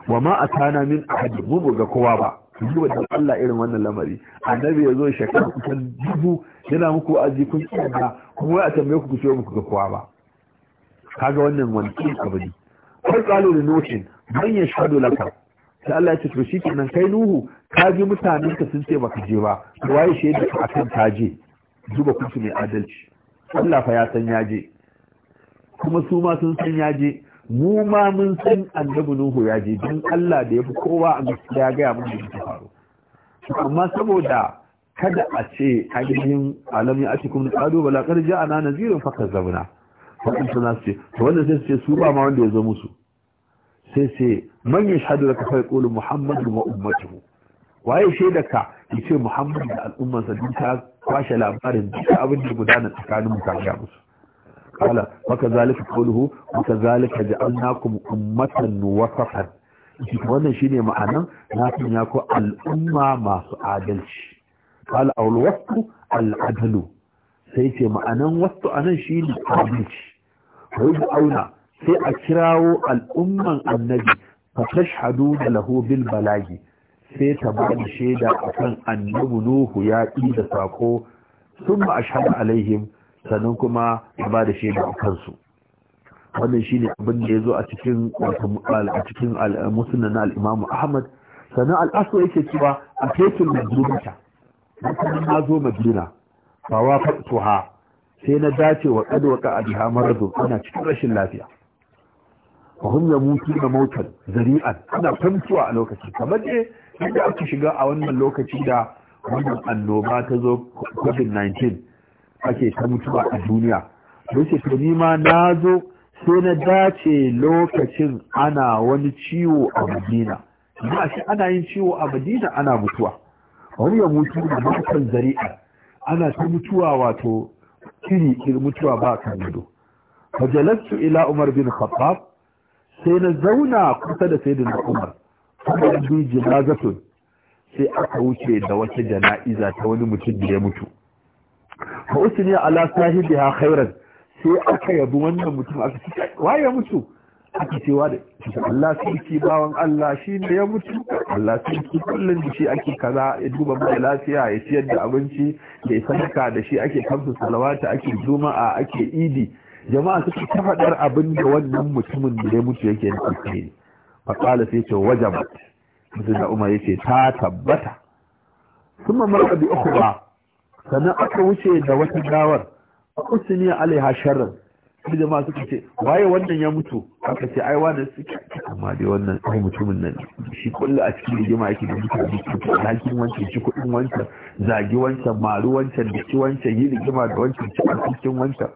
wa ma atana min ahadi mu ga kowa ba ji wa Allah irin wannan lamari annabi ya zo shekara kusan dubu yana muku aji kun tsada kuma a tambaye ku ku muku ga kowa ba kaga wannan wani abu ne kai tsalo da notin ban ya shahadu laka sai Allah ya ce to shikenan kai nuhu ka ji mutanen ka sun ce baka je ba waye shaidu ka akan ta je zuba kusa mai adalci Allah fa ya san ya je kuma su ma sun san ya je mu ma mun san annabi nuhu ya je don Allah da ya fi kowa a gaskiya gaya mun da faru amma saboda kada a ce ainihin alami a cikin kado bala a ana nazirin fakar zabuna fakin suna su ce to wanda sai su ce su ba ma wanda ya zo musu sai ce man ya shahadu da kafai kolin muhammadu wa ummatuhu waye shaida ka ya ce muhammadu da al'ummarsa duk ta kwashe labarin duk abin da gudanar tsakanin mutane musu qala wa kadhalika qawluhu wa kadhalika ja'alnakum ummatan wasatan wannan shine ma'anan na ya ku al'umma masu adalci qala awul wasu al'adalu sai ce ma'anan wasu anan shine adalci wai auna sai a kirawo al'umman annabi fa tashhadu lahu bil balagi sai ta ba da shaida akan annabi nuhu ya ƙi da sako sun ma ashhadu alaihim sannan kuma ya ba da shaida a kansu wannan shi ne abin da ya zo a cikin musulman na al'imamu ahmad sannan alasu yake cewa a tekin na mutum na zo madina ba wa ha sai na dace wa kadwaka a jiha maradun ana cikin rashin lafiya ba hun ya mutu na motar zari'an ana famtuwa a lokaci kamar ne inda aka shiga a wannan lokaci da wannan annoba ta zo covid-19 ake ta mutuwa a duniya yace to ni ma na zo sai na dace lokacin ana wani ciwo a madina ba shi ana yin ciwo a madina ana mutuwa wani ya mutu da matan zari'a ana ta mutuwa wato kiri kiri mutuwa ba kan gudu fajalastu ila umar bin khattab sai na zauna kusa da sayyidina umar kuma bi jinazatun sai aka wuce da wata jana'iza ta wani mutum da ya mutu fa usni ala ha khairan sai aka yabi wannan mutum aka ce waye mutu aka ce wada Allah sarki bawan Allah shi ne ya mutu Allah sarki kullum da shi ake kaza ya duba mai lafiya ya ciyar da abinci ya sadaka da shi ake kamsu salawata ake juma'a ake idi jama'a suka ta faɗar abin da wannan mutumin da ya mutu yake yin alkhairi fa qala sai ce wajabat mutum da Umar yace ta tabbata kuma marka bi ukhra sannan aka wuce da wata gawar usni alaiha sharran sai jama'a suka ce waye wannan ya mutu aka ce ai wannan suke amma dai wannan ai mutumin nan shi kullu a cikin rigima yake da mutane su lakin wancan shi kudin wancan zagi wancan maru wancan da shi wancan yi rigima da wancan ci cikin wancan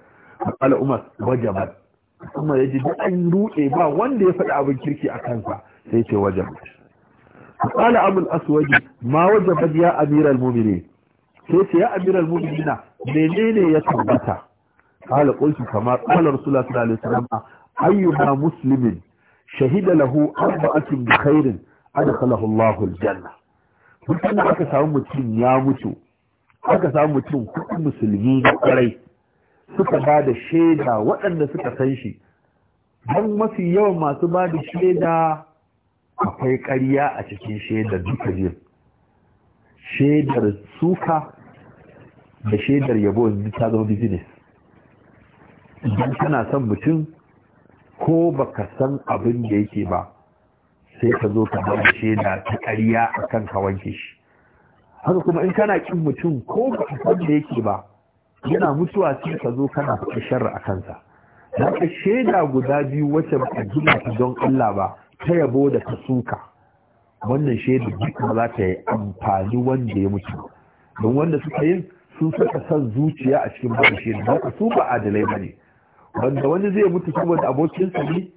ala umar wajaba kuma yaji duk an ruɗe ba wanda ya faɗi abin kirki a kansa sai ce wajaba qala abul aswadi ma wajabat ya amiral mu'minin sai ce ya amiral mu'minina menene ya tabbata qala qultu kama qala rasulullahi sallallahu alaihi wasallam ayyuha muslimin shahida lahu arba'atun bi khairin adkhalahu Allahu aljanna mutum aka samu mutum ya mutu aka samu mutum kuɗin musulmi na ƙwarai suka ba da shaida waɗanda suka san shi don mafi yawan masu ba da shaida akwai ƙarya a cikin shaidar duka biyun shaidar suka da shaidar yabo in ta zama business idan kana son mutum ko baka san abin da yake ba sai ka zo ka bada shaida ta ƙarya a kan ka wanke shi haka kuma in kana kin mutum ko baka san da yake ba yana mutuwa sai ka zo kana faɗi sharri a kansa na ka shaida guda biyu wacce ba a gina ta don Allah ba ta yabo da ta suka wannan shaidar duk ba za ta yi amfani wanda ya mutu don wanda suka yi. su saka san zuciya a cikin bashi da su ba adalai ba ne wanda wani zai mutu saboda abokinsa ne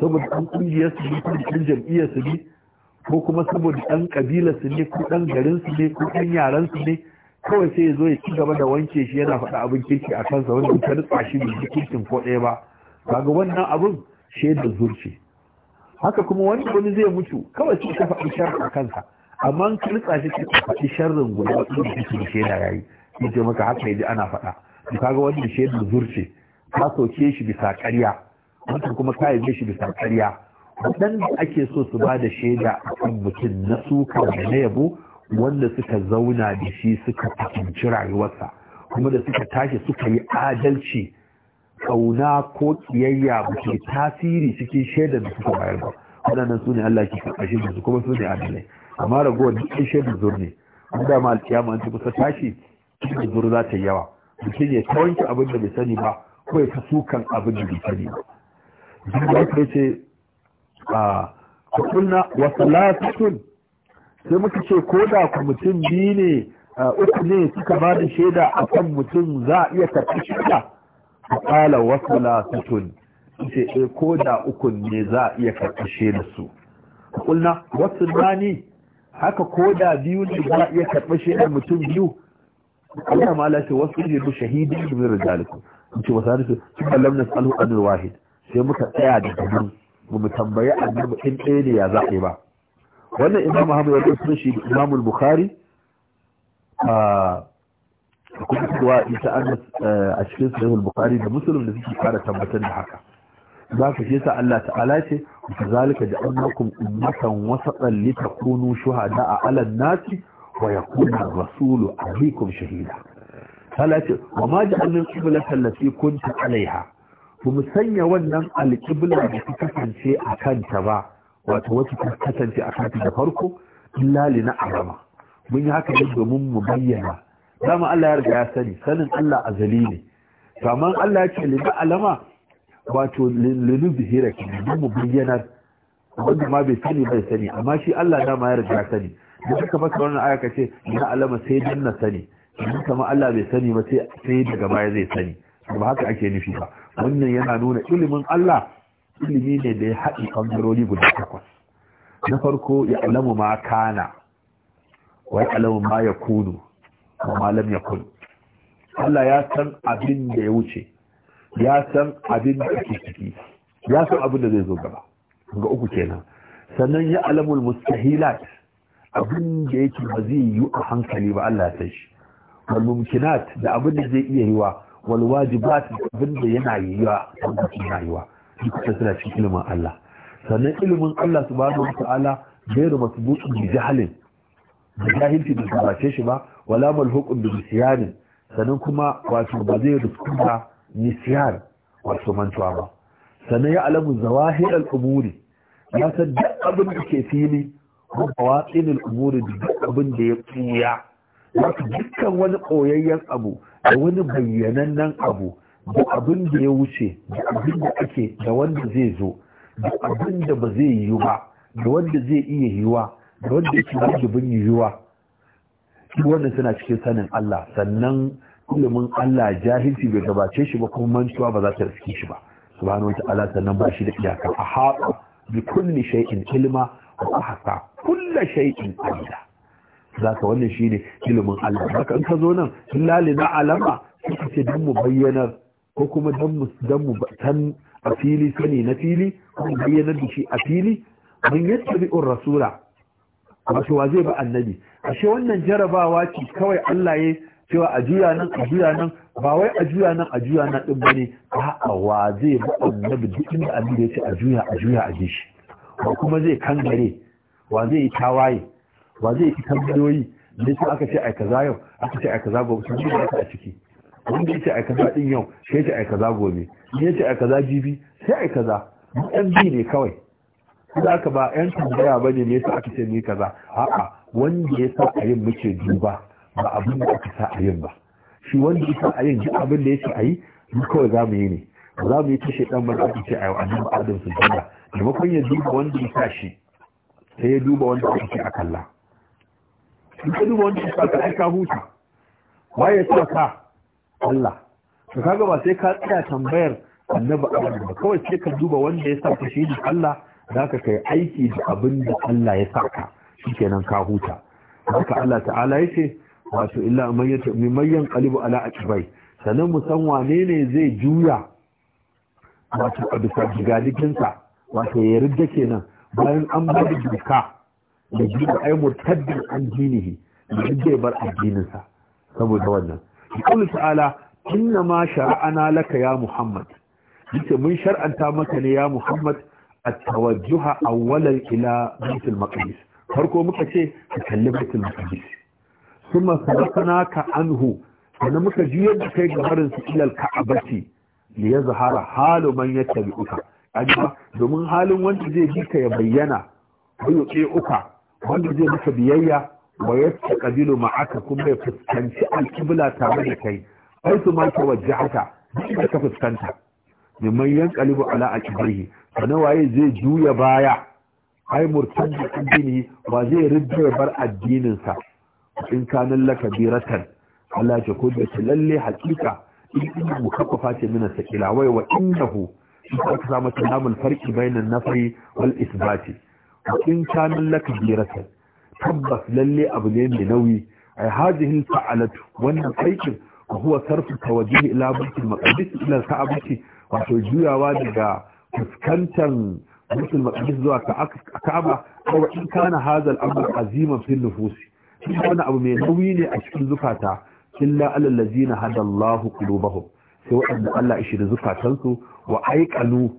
saboda ɗan ƙungiyar su ne ko ɗan jam'iyyar su ne ko kuma saboda ɗan ƙabilar su ne ko ɗan garin su ne ko ɗan yaran su ne kawai sai ya zo ya ci gaba da wanke shi yana faɗa abin kirki a kansa wanda ta rutsa shi bai kirkin ko ɗaya ba kaga wannan abin shaida zurci haka kuma wani wani zai mutu kawai sai ka faɗi sharri a kansa amma in ka shi ka faɗi sharrin guda ɗin da kake shaida yayi ce maka haka yaji ana faɗa to kaga wanda shaidar zurce ka soke shi bisa ƙarya wannan kuma ka yaje shi bisa ƙarya waɗanda ake so su ba da shaida a kan mutum na suka da na yabo wanda suka zauna da shi suka fahimci rayuwarsa kuma da suka tashi suka yi adalci ƙauna ko ƙiyayya ba ke tasiri cikin shaidar da suka bayar ba waɗannan su ne Allah ke da su kuma su ne adalai amma ragowar duk shaidar zurne, ne an alƙiyama an ci kusa tashi da zuru za ta yawa mutum ya ta wanke abin da bai sani ba ko ya kasu kan abin da bai sani ba ya ta ce a kunna wasu salatatun sai muka ce ko da ku mutum biyu ne uku ne suka ba da shaida a kan mutum za a iya karɓi shida a kala wasu salatatun ce eh ko da uku ne za a iya karɓi shaida su kunna wasu nani haka ko da biyu ne za a iya karɓi shaida mutum biyu Allah ma Allah ce wasu ne bu shahidi min In ce wasu hadisi su kallam na salu an wahid sai muka tsaya da kaman mu mu tambayi annabi in ɗaya ne ya zaɓe ba wannan imam Muhammad ya rubuta shi da Imam Bukhari a kuma kuwa ita an eh, a cikin sahih al-Bukhari da Muslim da suke fara tabbatar da haka za ka shi sa Allah ta'ala ce kazalika da annakum ummatan wasatan litakunu shuhada alan nasi wa yakuna rasulu alaikum shahida Allah ce wa ma ja'alna qiblata allati kunta alaiha mu sanya wannan alqibla da ta kasance a kanta ba wato wacce ta kasance a kanta da farko illa li na arama mun yi haka ne domin mu bayyana dama Allah ya ya sani sanin Allah azali ne kaman Allah ce li alama wato linubhira kenan mu bayyana wanda ma bai sani bai sani amma shi Allah dama ya riga ya sani da aka fasa wannan aya ka ce na alama sai dan na sani idan kama Allah bai sani ba sai daga baya zai sani ba haka ake nufi ba wannan yana nuna ilimin Allah ilimi ne da ya haɗi ɓangarori guda takwas na farko ya alamu ma kana wai alamu ma ya kunu wa malam ya kunu Allah ya san abin da ya wuce ya san abin da ake ciki ya san abin da zai zo gaba ga uku kenan sannan ya alamul mustahilat abin da yake ba zai yi a hankali ba Allah ta shi wal mumkinat da abin da zai iya yiwa wal wajibat abin da yana yiwa da yana yiwa Duk da suna cikin ilimin Allah sannan ilimin Allah subhanahu wa ta'ala da masbuqin bi jahlin da jahilci da karace shi ba wala hukm bi siyani sannan kuma wato ba zai ruskuna nisyan wato mantuwa ba sannan ya alamu zawahir al-umuri ya san duk abin da ke fili ko fawatsilul abin da ya tsuya wani koyayyen abu da wani bayyanannen abu da abin da ya wuce da abin da ake da wanda zai zo da abin da ba zai yiwu ba da wanda zai iya yiwa da wanda yake wajibin yiwuwa shi wannan suna cikin sanin Allah sannan ilimin Allah jahilci bai gabace shi ba kuma mantuwa ba za ta riske shi ba subhanahu wa ta'ala sannan ba shi da iyaka a haɗa bi kulli shay'in ilma wa ahsa kulla shay'in qadda zaka wannan shine ilimin Allah haka in ka zo nan lali na alama suka ce dan mu bayyana ko kuma dan mu dan mu tan a sani na fili ko bayyanar da shi a fili bi yattabi'ur rasula wato wa zai ba annabi ashe wannan jarabawa ce kawai Allah ya cewa a juya nan a juya nan ba wai a juya nan a juya nan din bane a wa zai ba annabi duk inda annabi ya ce a juya a juya a ji shi kuma zai kangare wa zai yi tawaye wa zai yi tambayoyi da su aka ce ai kaza yau aka ce ai kaza gobe sun da a ciki wanda yace ai kaza din yau sai yace ai kaza gobe yace ai kaza jibi sai ai kaza ɗan bi ne kawai za ka ba 'yan tambaya ba ne yasa aka ce ni kaza a'a wanda ya sa a yin muke duba ba abin da aka sa a yin ba shi wanda ya sa a yin duk abin da ya ce a yi mu kawai za mu yi ne za mu yi ta shaidan ba za mu ce a yau annabi adam su jira maimakon ya duba wanda ya sa shi sai ya duba wanda ake a kalla in ka duba wanda ake a ka huta waye ya sa ka Allah to kaga ba sai ka tsaya tambayar annabi Allah ba kawai sai ka duba wanda ya sa ka shi da Allah zaka kai aiki da abin da Allah ya sa ka shikenan ka huta haka Allah ta'ala ce, wato illa man yata mimman yanqalibu ala aqibai sanan mu wane ne zai juya wato a bisa sa, wato ya ridda kenan bayan an ba da doka da jini ai murtaddin an jinihi da zai bar addininsa saboda wannan Allah ta'ala inna ma shara'ana laka ya Muhammad yace mun shar'anta maka ne ya Muhammad at-tawajjuha awwalan ila Baitul Maqdis farko muka ce ka kalli Baitul Maqdis kuma ka anhu sannan muka juyar da kai barin su ilal ka'abati li yazhara halu man yattabi'uka ajiba domin halin wanda zai bi ka ya bayyana wa yi uka wanda zai maka biyayya wa kabilu ma aka kuma ya fuskanci alƙibla tare da kai ai su ma ka haka duk ka fuskanta mimman kalibu ala a aqibihi sana waye zai juya baya ai da addini wa zai ridda bar addininsa. in kanan laka biratan Allah ya kodda lalle hakika in mu kafafa ce mina sakila wai wa innahu shi ko aka samu tanamul farki bainan nafari wal isbati wa in kana laka biratan tabbas lalle abu ne mai nauyi Ai hadhihi fa'alatu wannan aikin huwa sarfu tawajjuhi ila baitul maqdis ila ka'abati wato juyawa daga fuskantar baitul maqdis zuwa ka'aba ko in kana hadha al-amr aziman fil nufusi wannan abu mai nauyi ne a cikin zukata illa alal ladina hadallahu qulubahum sai waɗanda Allah ya shirya zukatansu wa aikalu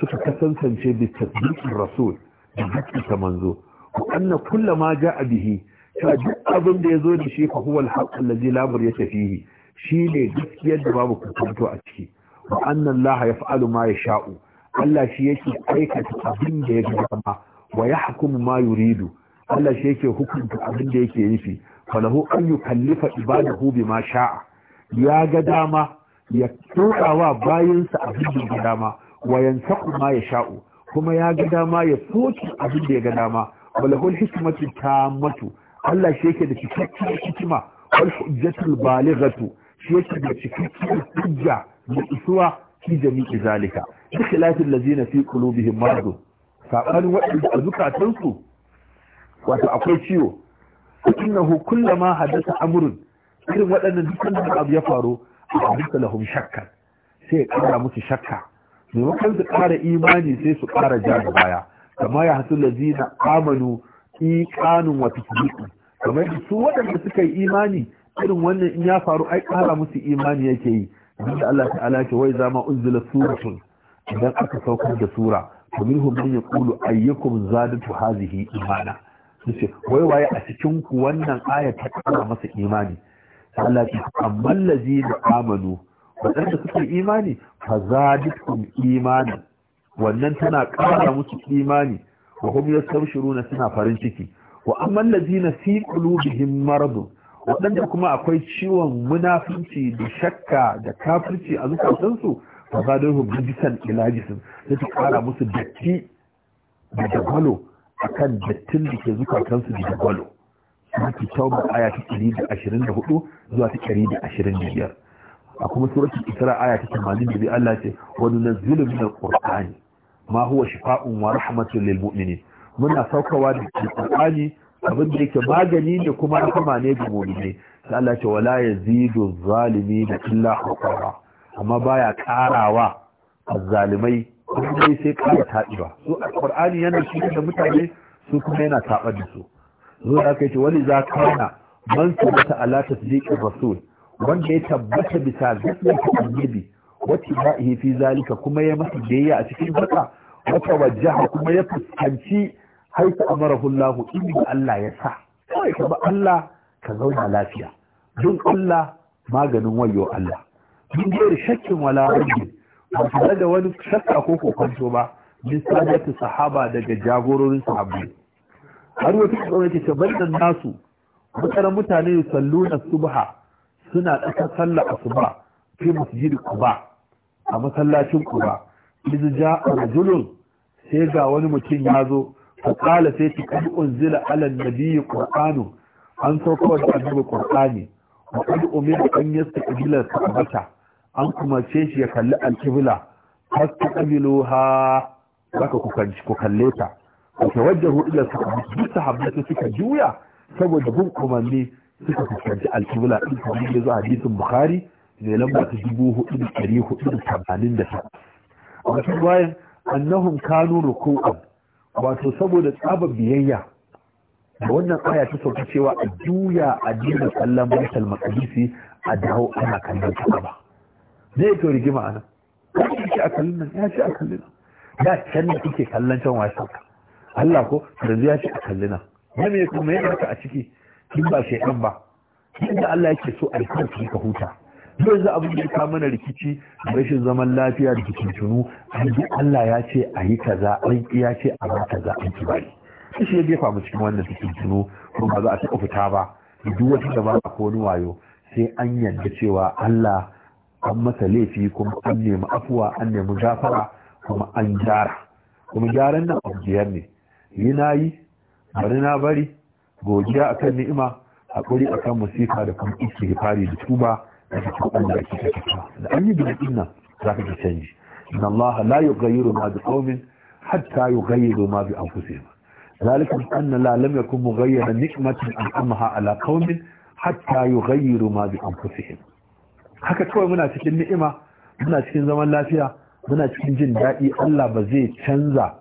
suka kasance bi tasdiqin rasul da hakika manzo wa anna kullu ma ja'a bihi ta duk abin da yazo da shi fa huwa al-haqq alladhi la buryata fihi shine gaskiyar da babu kokonto a ciki wa anna allaha yaf'alu ma yasha'u Allah shi yake aikata abin da ya gama wa yahkumu ma yuridu Allah shi yake hukunta abin da yake nufi falahu an yukallifa ibadahu bima sha'a ya ga dama ya tura wa bayansa abin da ya dama wa yansaku kuma ya sha'u kuma ya ga dama ya soke abin da ya ga dama balahul ta matu? Allah shi yake da cikakken hikima wal hujjatul balighatu shi yake da cikakken hujja da isuwa fi jami'i zalika bi khilafil na fi qulubihim marad saban waɗanda a zukatansu wato akwai ciwo innahu kullama hadatha amrun irin waɗannan dukkan da abu ya faru hadisa lahum shakka sai ya kara musu shakka maimakon su kara imani sai su kara ja da baya kamar ya hasu lazina amanu iqanun wa tasdiqun kamar su waɗanda suka yi imani irin wannan in ya faru ai kara musu imani yake yi da Allah ta'ala ke wai zama unzila suratun idan aka saukar da sura to minhum man yaqulu ayyukum zadatu hadhihi imana sai wai waye a cikin ku wannan aya ta kara masa imani Allah ce amma lazi da amanu waɗanda suka imani fa dukkan imani. wannan tana ƙara musu imani wa hum yastabshiruna suna farin ciki wa amma na fi qulubihim marad waɗanda kuma akwai ciwon munafinci da shakka da kafirci a zukatansu fa zaduhum bijisan ila jisin sai su ƙara musu datti da dagwalo akan dattin da ke zukatansu da dagwalo suratul tauba aya ta 124 zuwa ta 125 a kuma suratul isra aya ta 82 Allah ce wa nunzilu min alquran ma huwa shifaa'un wa rahmatun lil mu'minin muna saukawa da alqur'ani abin da yake magani da kuma rahama ne ga mu'mini sai Allah ce wala yazidu zalimin illa khasara amma baya karawa azzalimai kuma sai kara taɗiba so alqur'ani yana cikin da mutane su kuma yana taɓar da su zo aka yi wani za kana man tabbata ala tasdiqir rasul wanda ya tabbata bisa gaskata annabi wata yi fi zalika kuma ya masa biyayya a cikin haka wata wajaha kuma ya fuskanci haifa amarahu Allah inda Allah ya sa kawai kuma Allah ka zauna lafiya don Allah maganin wayo Allah bin gairi shakkin wala rabbi ba tare da wani shakka ko kokonto ba min sadatu sahaba daga jagororin sahabbai har wata tsoro yake ce bai dan nasu mutanen mutane salluna subha suna ɗaka sallar asuba fi masjid quba a masallacin quba idza ja'a rajulun sai ga wani mutum ya zo fa qala sai ta kan unzila ala nabiyyi qur'anu an sauko da annabi qur'ani wa qad umira an yastaqbila ka'bata an kuma ce shi ya kalli alkibla fastaqbiluha zaka ku kalle ta a tawajjahu ila sahabbai duk sahabbai suka juya saboda bin umarni suka fuskanci alkibla din kamar da zuwa hadisin bukhari mai lamba ta dubu hudu da ɗari hudu da tamanin da ta a wasu bayan annahun kanu ruku'an wato saboda tsaba biyayya da wannan aya ta sauka cewa a juya a dina kallon baitul maqdisi a dawo ana kallon ta ka'aba zai to rigima anan ya ce a kallon nan ya ce a kallon nan da can da kike kallon can wasan ka Allah ko yanzu ya ce a kalli nan wani ya kuma yana ka a ciki kin ba shi ɗan ba yadda Allah yake so a yi ka huta za abin da ya mana rikici rashin zaman lafiya da tunu an Allah ya ce a yi kaza an ya ce a ba kaza an ki bari shi ya jefa mu cikin wannan tunu ko ba za a taɓa fita ba duk wata a ko wani wayo sai an yarda cewa Allah an masa laifi kuma an nemi afuwa an nemi gafara kuma an gyara kuma gyaran nan abu ne yi na yi bari na bari godiya akan ni'ima hakuri akan musifa da kuma istighfari da tuba da cikin da kike kika da an yi bidin nan za ka canji inna Allah la yughayyiru ma bi biqawmin hatta yughayyiru ma bi anfusihim ذلك أن الله لم يكن مغيرا نعمة أنعمها ala قوم hatta yughayyiru ma bi anfusihim haka kawai muna cikin ni'ima muna cikin zaman lafiya muna cikin jin daɗi Allah ba zai canza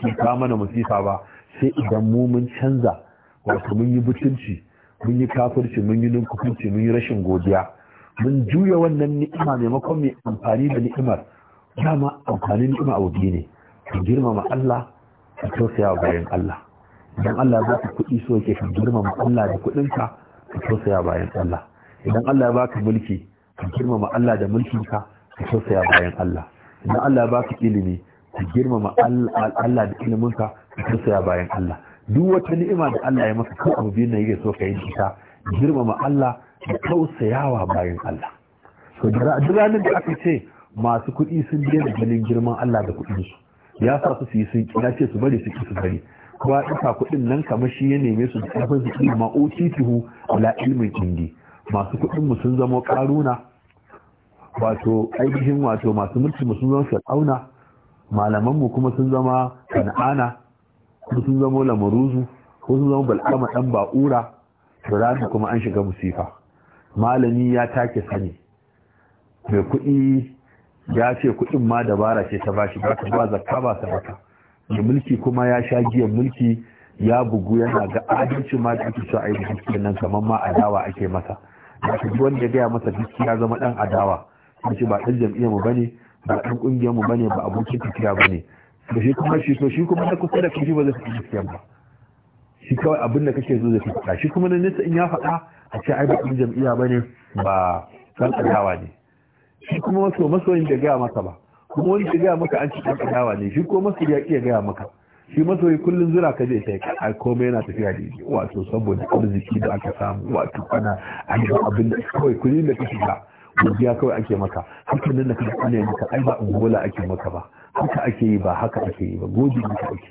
ke mana musifa ba sai idan mu mun canza wato mun yi butunci mun yi kafirci mun yi ninkukunci mun yi rashin godiya mun juya wannan ni'ima maimakon mai amfani da ni'imar dama amfanin ni'ima abu biyu ne ka girmama Allah ka tausaya wa bayan Allah idan Allah ya baka kuɗi so yake ka girmama Allah da kuɗinka ka tausaya bayan Allah idan Allah ya baka mulki ka girmama Allah da mulkin ka tausaya bayan Allah idan Allah ya baka ilimi ka girmama Allah da iliminka da tausaya bayan Allah duk wata ni'ima da Allah ya maka kan abu na yake so ka yi ta girmama Allah da tausayawa bayan Allah so duk ranar da aka ce masu kuɗi sun da ganin girman Allah da kuɗin su ya sa su yi sun kina ce su bari su ki su bari kuma ita kuɗin nan kamar shi ya neme su da ƙarfin su ilma otituhu ala ilmin indi masu kuɗin sun zama ƙaruna wato ainihin wato masu mulki mu sun zama fir'auna malamanmu kuma sun zama kan'ana ko sun zama lamaruzu ko sun zama bal'ama ɗan ba'ura to kuma an shiga musifa malami ya take sani mai kuɗi ya ce kuɗin ma dabara ce ta bashi ba ta ba zakka ba baka da mulki kuma ya sha giyan mulki ya bugu yana ga adalci ma da ake so a yi da nan kamar ma adawa ake masa da wanda ya gaya masa gaskiya zama dan adawa ce ba dan jam'iyyar mu bane ba ɗan ƙungiyar mu bane ba abokin tafiya ne da shi kuma shi so shi kuma na kusa da kashi ba zai fi gaskiya ba shi kawai abin da kake zo zai fi shi kuma na nisa in ya faɗa a ce ai ba jam'iyya jam'iya ba ɗan ƙadawa ne shi kuma maso masoyin da gaya maka ba kuma wani da gaya maka an ci ɗan ƙadawa ne shi kuma masoyi ya iya gaya maka shi ya kullum zura ka zai sai a komai yana tafiya da wato saboda arziki da aka samu wato ana an abin da kawai kullum da kake ba. godiya kawai ake maka haka nan da kaga ana yi maka ai ba ungola ake maka ba haka ake yi ba haka ake yi ba gode maka ake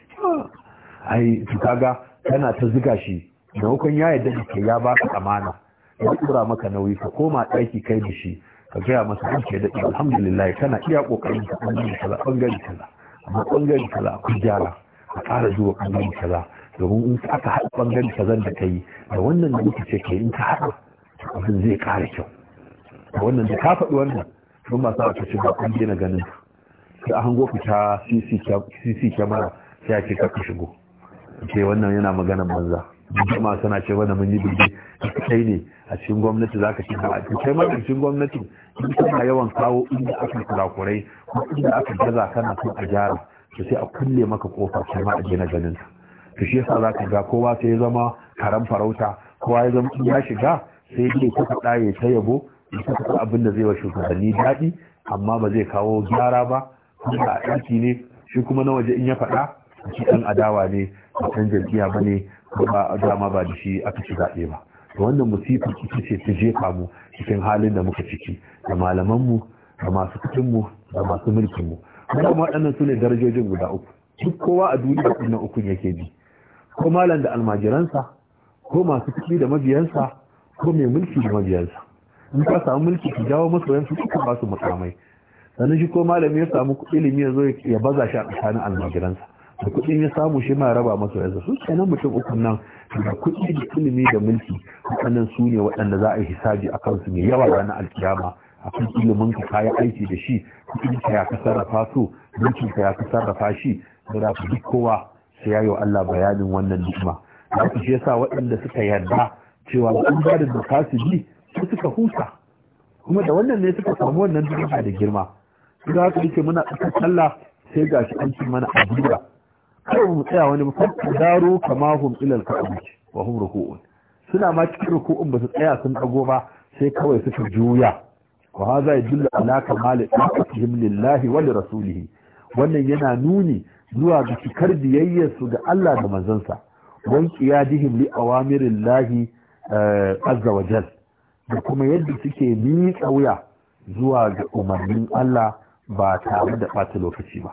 ai to kaga kana ta ziga shi hukun ya yarda da ya baka amana ya tura maka nauyi ka koma ɗaki kai da shi ka gaya masa an ke daɗi alhamdulillah kana iya kokarin ka ɓangare kaza ɓangare kaza amma ɓangare kaza akwai gyara a ƙara zuwa ɓangare kaza domin in aka haɗa ɓangare kazan da ka yi da wannan da muka ce ka yi in ka haɗa abin zai kare kyau wannan da ka faɗi wannan sun masu aka ce ba kun daina ganin sai a hango fita cc kyamara sai ake ce ka shigo ce wannan yana maganan banza jama suna ce wannan mun yi bilbi kai ne a cikin gwamnati za ka shiga a cikin cikin gwamnati in kana yawan kawo inda aka kurakurai ko inda aka gaza kana son a gyara to sai a kulle maka kofa kuma a gina ganin ka to shi yasa zaka ga kowa sai ya zama karan farauta kowa ya zama ya shiga sai dai kuka faɗa ta yabo ya abin da zai wa shugabanni daɗi amma ba zai kawo gyara ba kuma a ɗaki ne shi kuma na waje in ya faɗa shi ɗan adawa ne a ɗan jam'iyya ba ne kuma dama ba da shi aka ci zaɓe ba to wannan musifa ita ce ta jefa mu cikin halin da muka ciki da malamanmu da masu kuɗinmu da masu mulkinmu kuma waɗannan su ne darajojin guda uku duk kowa a duniya ɗin ukun yake bi ko malam da almajiransa ko masu kuɗi da mabiyansa ko mai mulki da mabiyansa in ka samu mulki ki jawo masa wayan su kuka ba su makamai sannan shi ko malami ya samu ilimi ya zo ya baza shi a tsakanin almajiransa da kuɗin ya samu shi ma raba masa wayan su kenan mutum uku nan da kuɗi da ilimi da mulki waɗannan su ne waɗanda za a yi hisabi a kansu mai yawa ranar alkiyama kan ilimin ka kayan aiki da shi kuɗin ka ya ka sarrafa su mulkin ka ya ka sarrafa shi da ku duk kowa sai yayo Allah bayanin wannan ni'ima. Za ku shi yasa waɗanda suka yarda cewa sun ba da bi su suka huta kuma da wannan ne suka samu wannan duniya da girma su da haka yake muna tsakar sallah sai ga shi an mana a addu'a kawai mu tsaya wani mu daro kama hum ilal ka'abi wa hum ruku'un suna ma cikin ruku'un ba su tsaya sun ɗago ba sai kawai suka juya wa yi jilla ala kamali ta'atihim lillahi wa li rasulihi wannan yana nuni zuwa ga cikar biyayyar su ga Allah da manzansa wan qiyadihim li awamirillahi eh, azza wa da kuma yadda suke miƙa wuya zuwa ga umarnin Allah ba tare da ɓata lokaci ba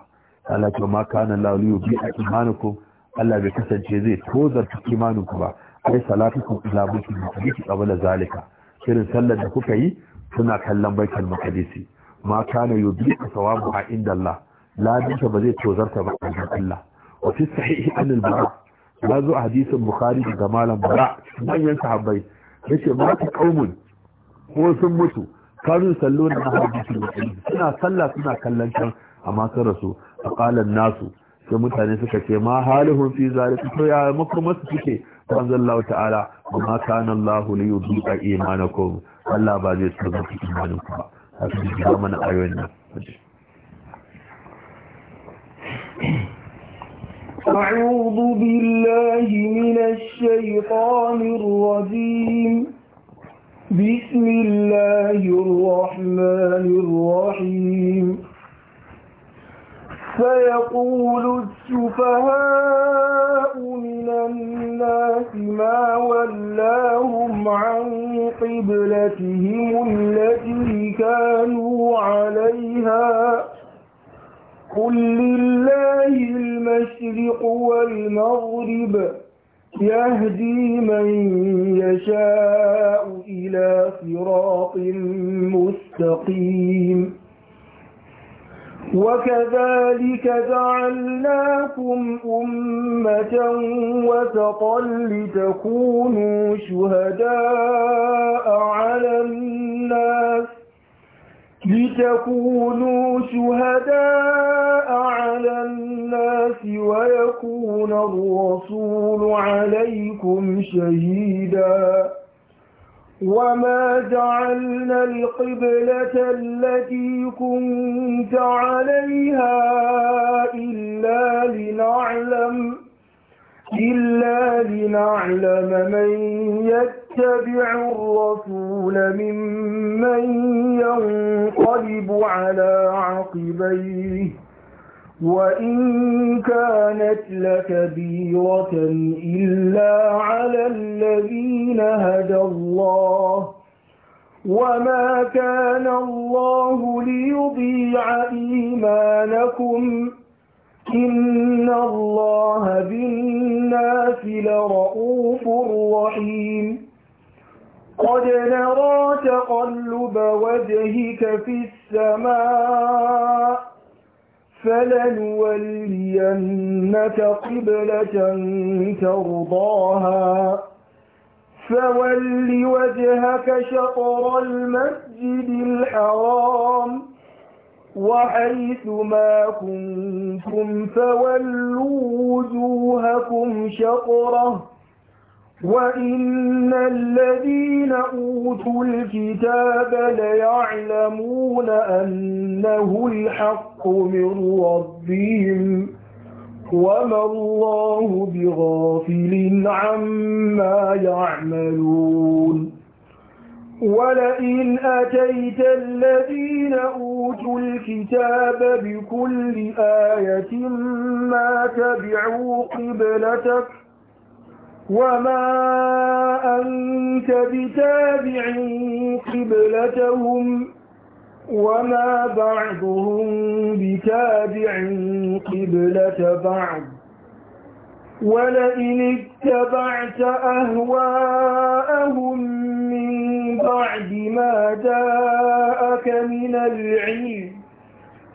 Allah ce ma kana Allah bi a imanukum Allah bai kasance zai tozarta imaninku ba ai salatukum ila buki mutabiki qabla zalika irin sallar da kuka yi suna kallon baitul maqdisi ma kana yudrika sawabuha inda Allah ladinka ba zai tozarta ba a Allah wa fi sahihi an al-bara ya zo a hadisin bukhari daga malam bara manyan sahabbai yace ma ta qaumun ko sun mutu kanu sallo na hadisin mutane suna sallah suna kallon can a masu rasu a kalan nasu sai mutane suka ce ma halihun fi su to ya su suke Allah ta'ala amma kana Allah duka imana ko Allah ba zai zafi imanin ku ba haka ne ga mana ayoyin nan أعوذ بالله من الشيطان الرجيم بسم الله الرحمن الرحيم سيقول السفهاء من الناس ما ولاهم عن قبلتهم التي كانوا عليها قل لله المشرق والمغرب يهدي من يشاء إلى صراط مستقيم وكذلك جعلناكم أمة وسطا لتكونوا شهداء على الناس لتكونوا شهداء على الناس ويكون الرسول عليكم شهيدا وما جعلنا القبلة التي كنت عليها إلا لنعلم إلا لنعلم من يتبع الرسول ممن ينقلب على عقبيه وإن كانت لكبيرة إلا على الذين هدى الله وما كان الله ليضيع إيمانكم إن الله بالناس لرؤوف رحيم قد نرى تقلب وجهك في السماء فلنولينك قبلة ترضاها فول وجهك شطر المسجد الحرام وحيث ما كنتم فولوا وجوهكم شطره وإن الذين أوتوا الكتاب ليعلمون أنه الحق من ربهم وما الله بغافل عما يعملون ولئن أتيت الذين أوتوا الكتاب بكل آية ما تبعوا قبلتك وما أنت بتابع قبلتهم وما بعضهم بتابع قبلة بعض ولئن اتبعت أهواءهم من بعد ما جاءك من العلم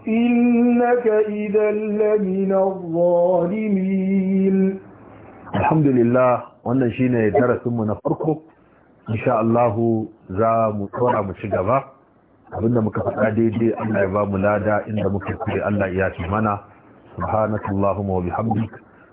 إنك إذا لمن الظالمين الحمد لله wannan shine mu na farko insha Allah za mu tsora mu ci gaba abinda muka faɗa daidai Allah ya ba mu lada inda muka kure Allah ya ci mana subhanakallahumma wa bihamdika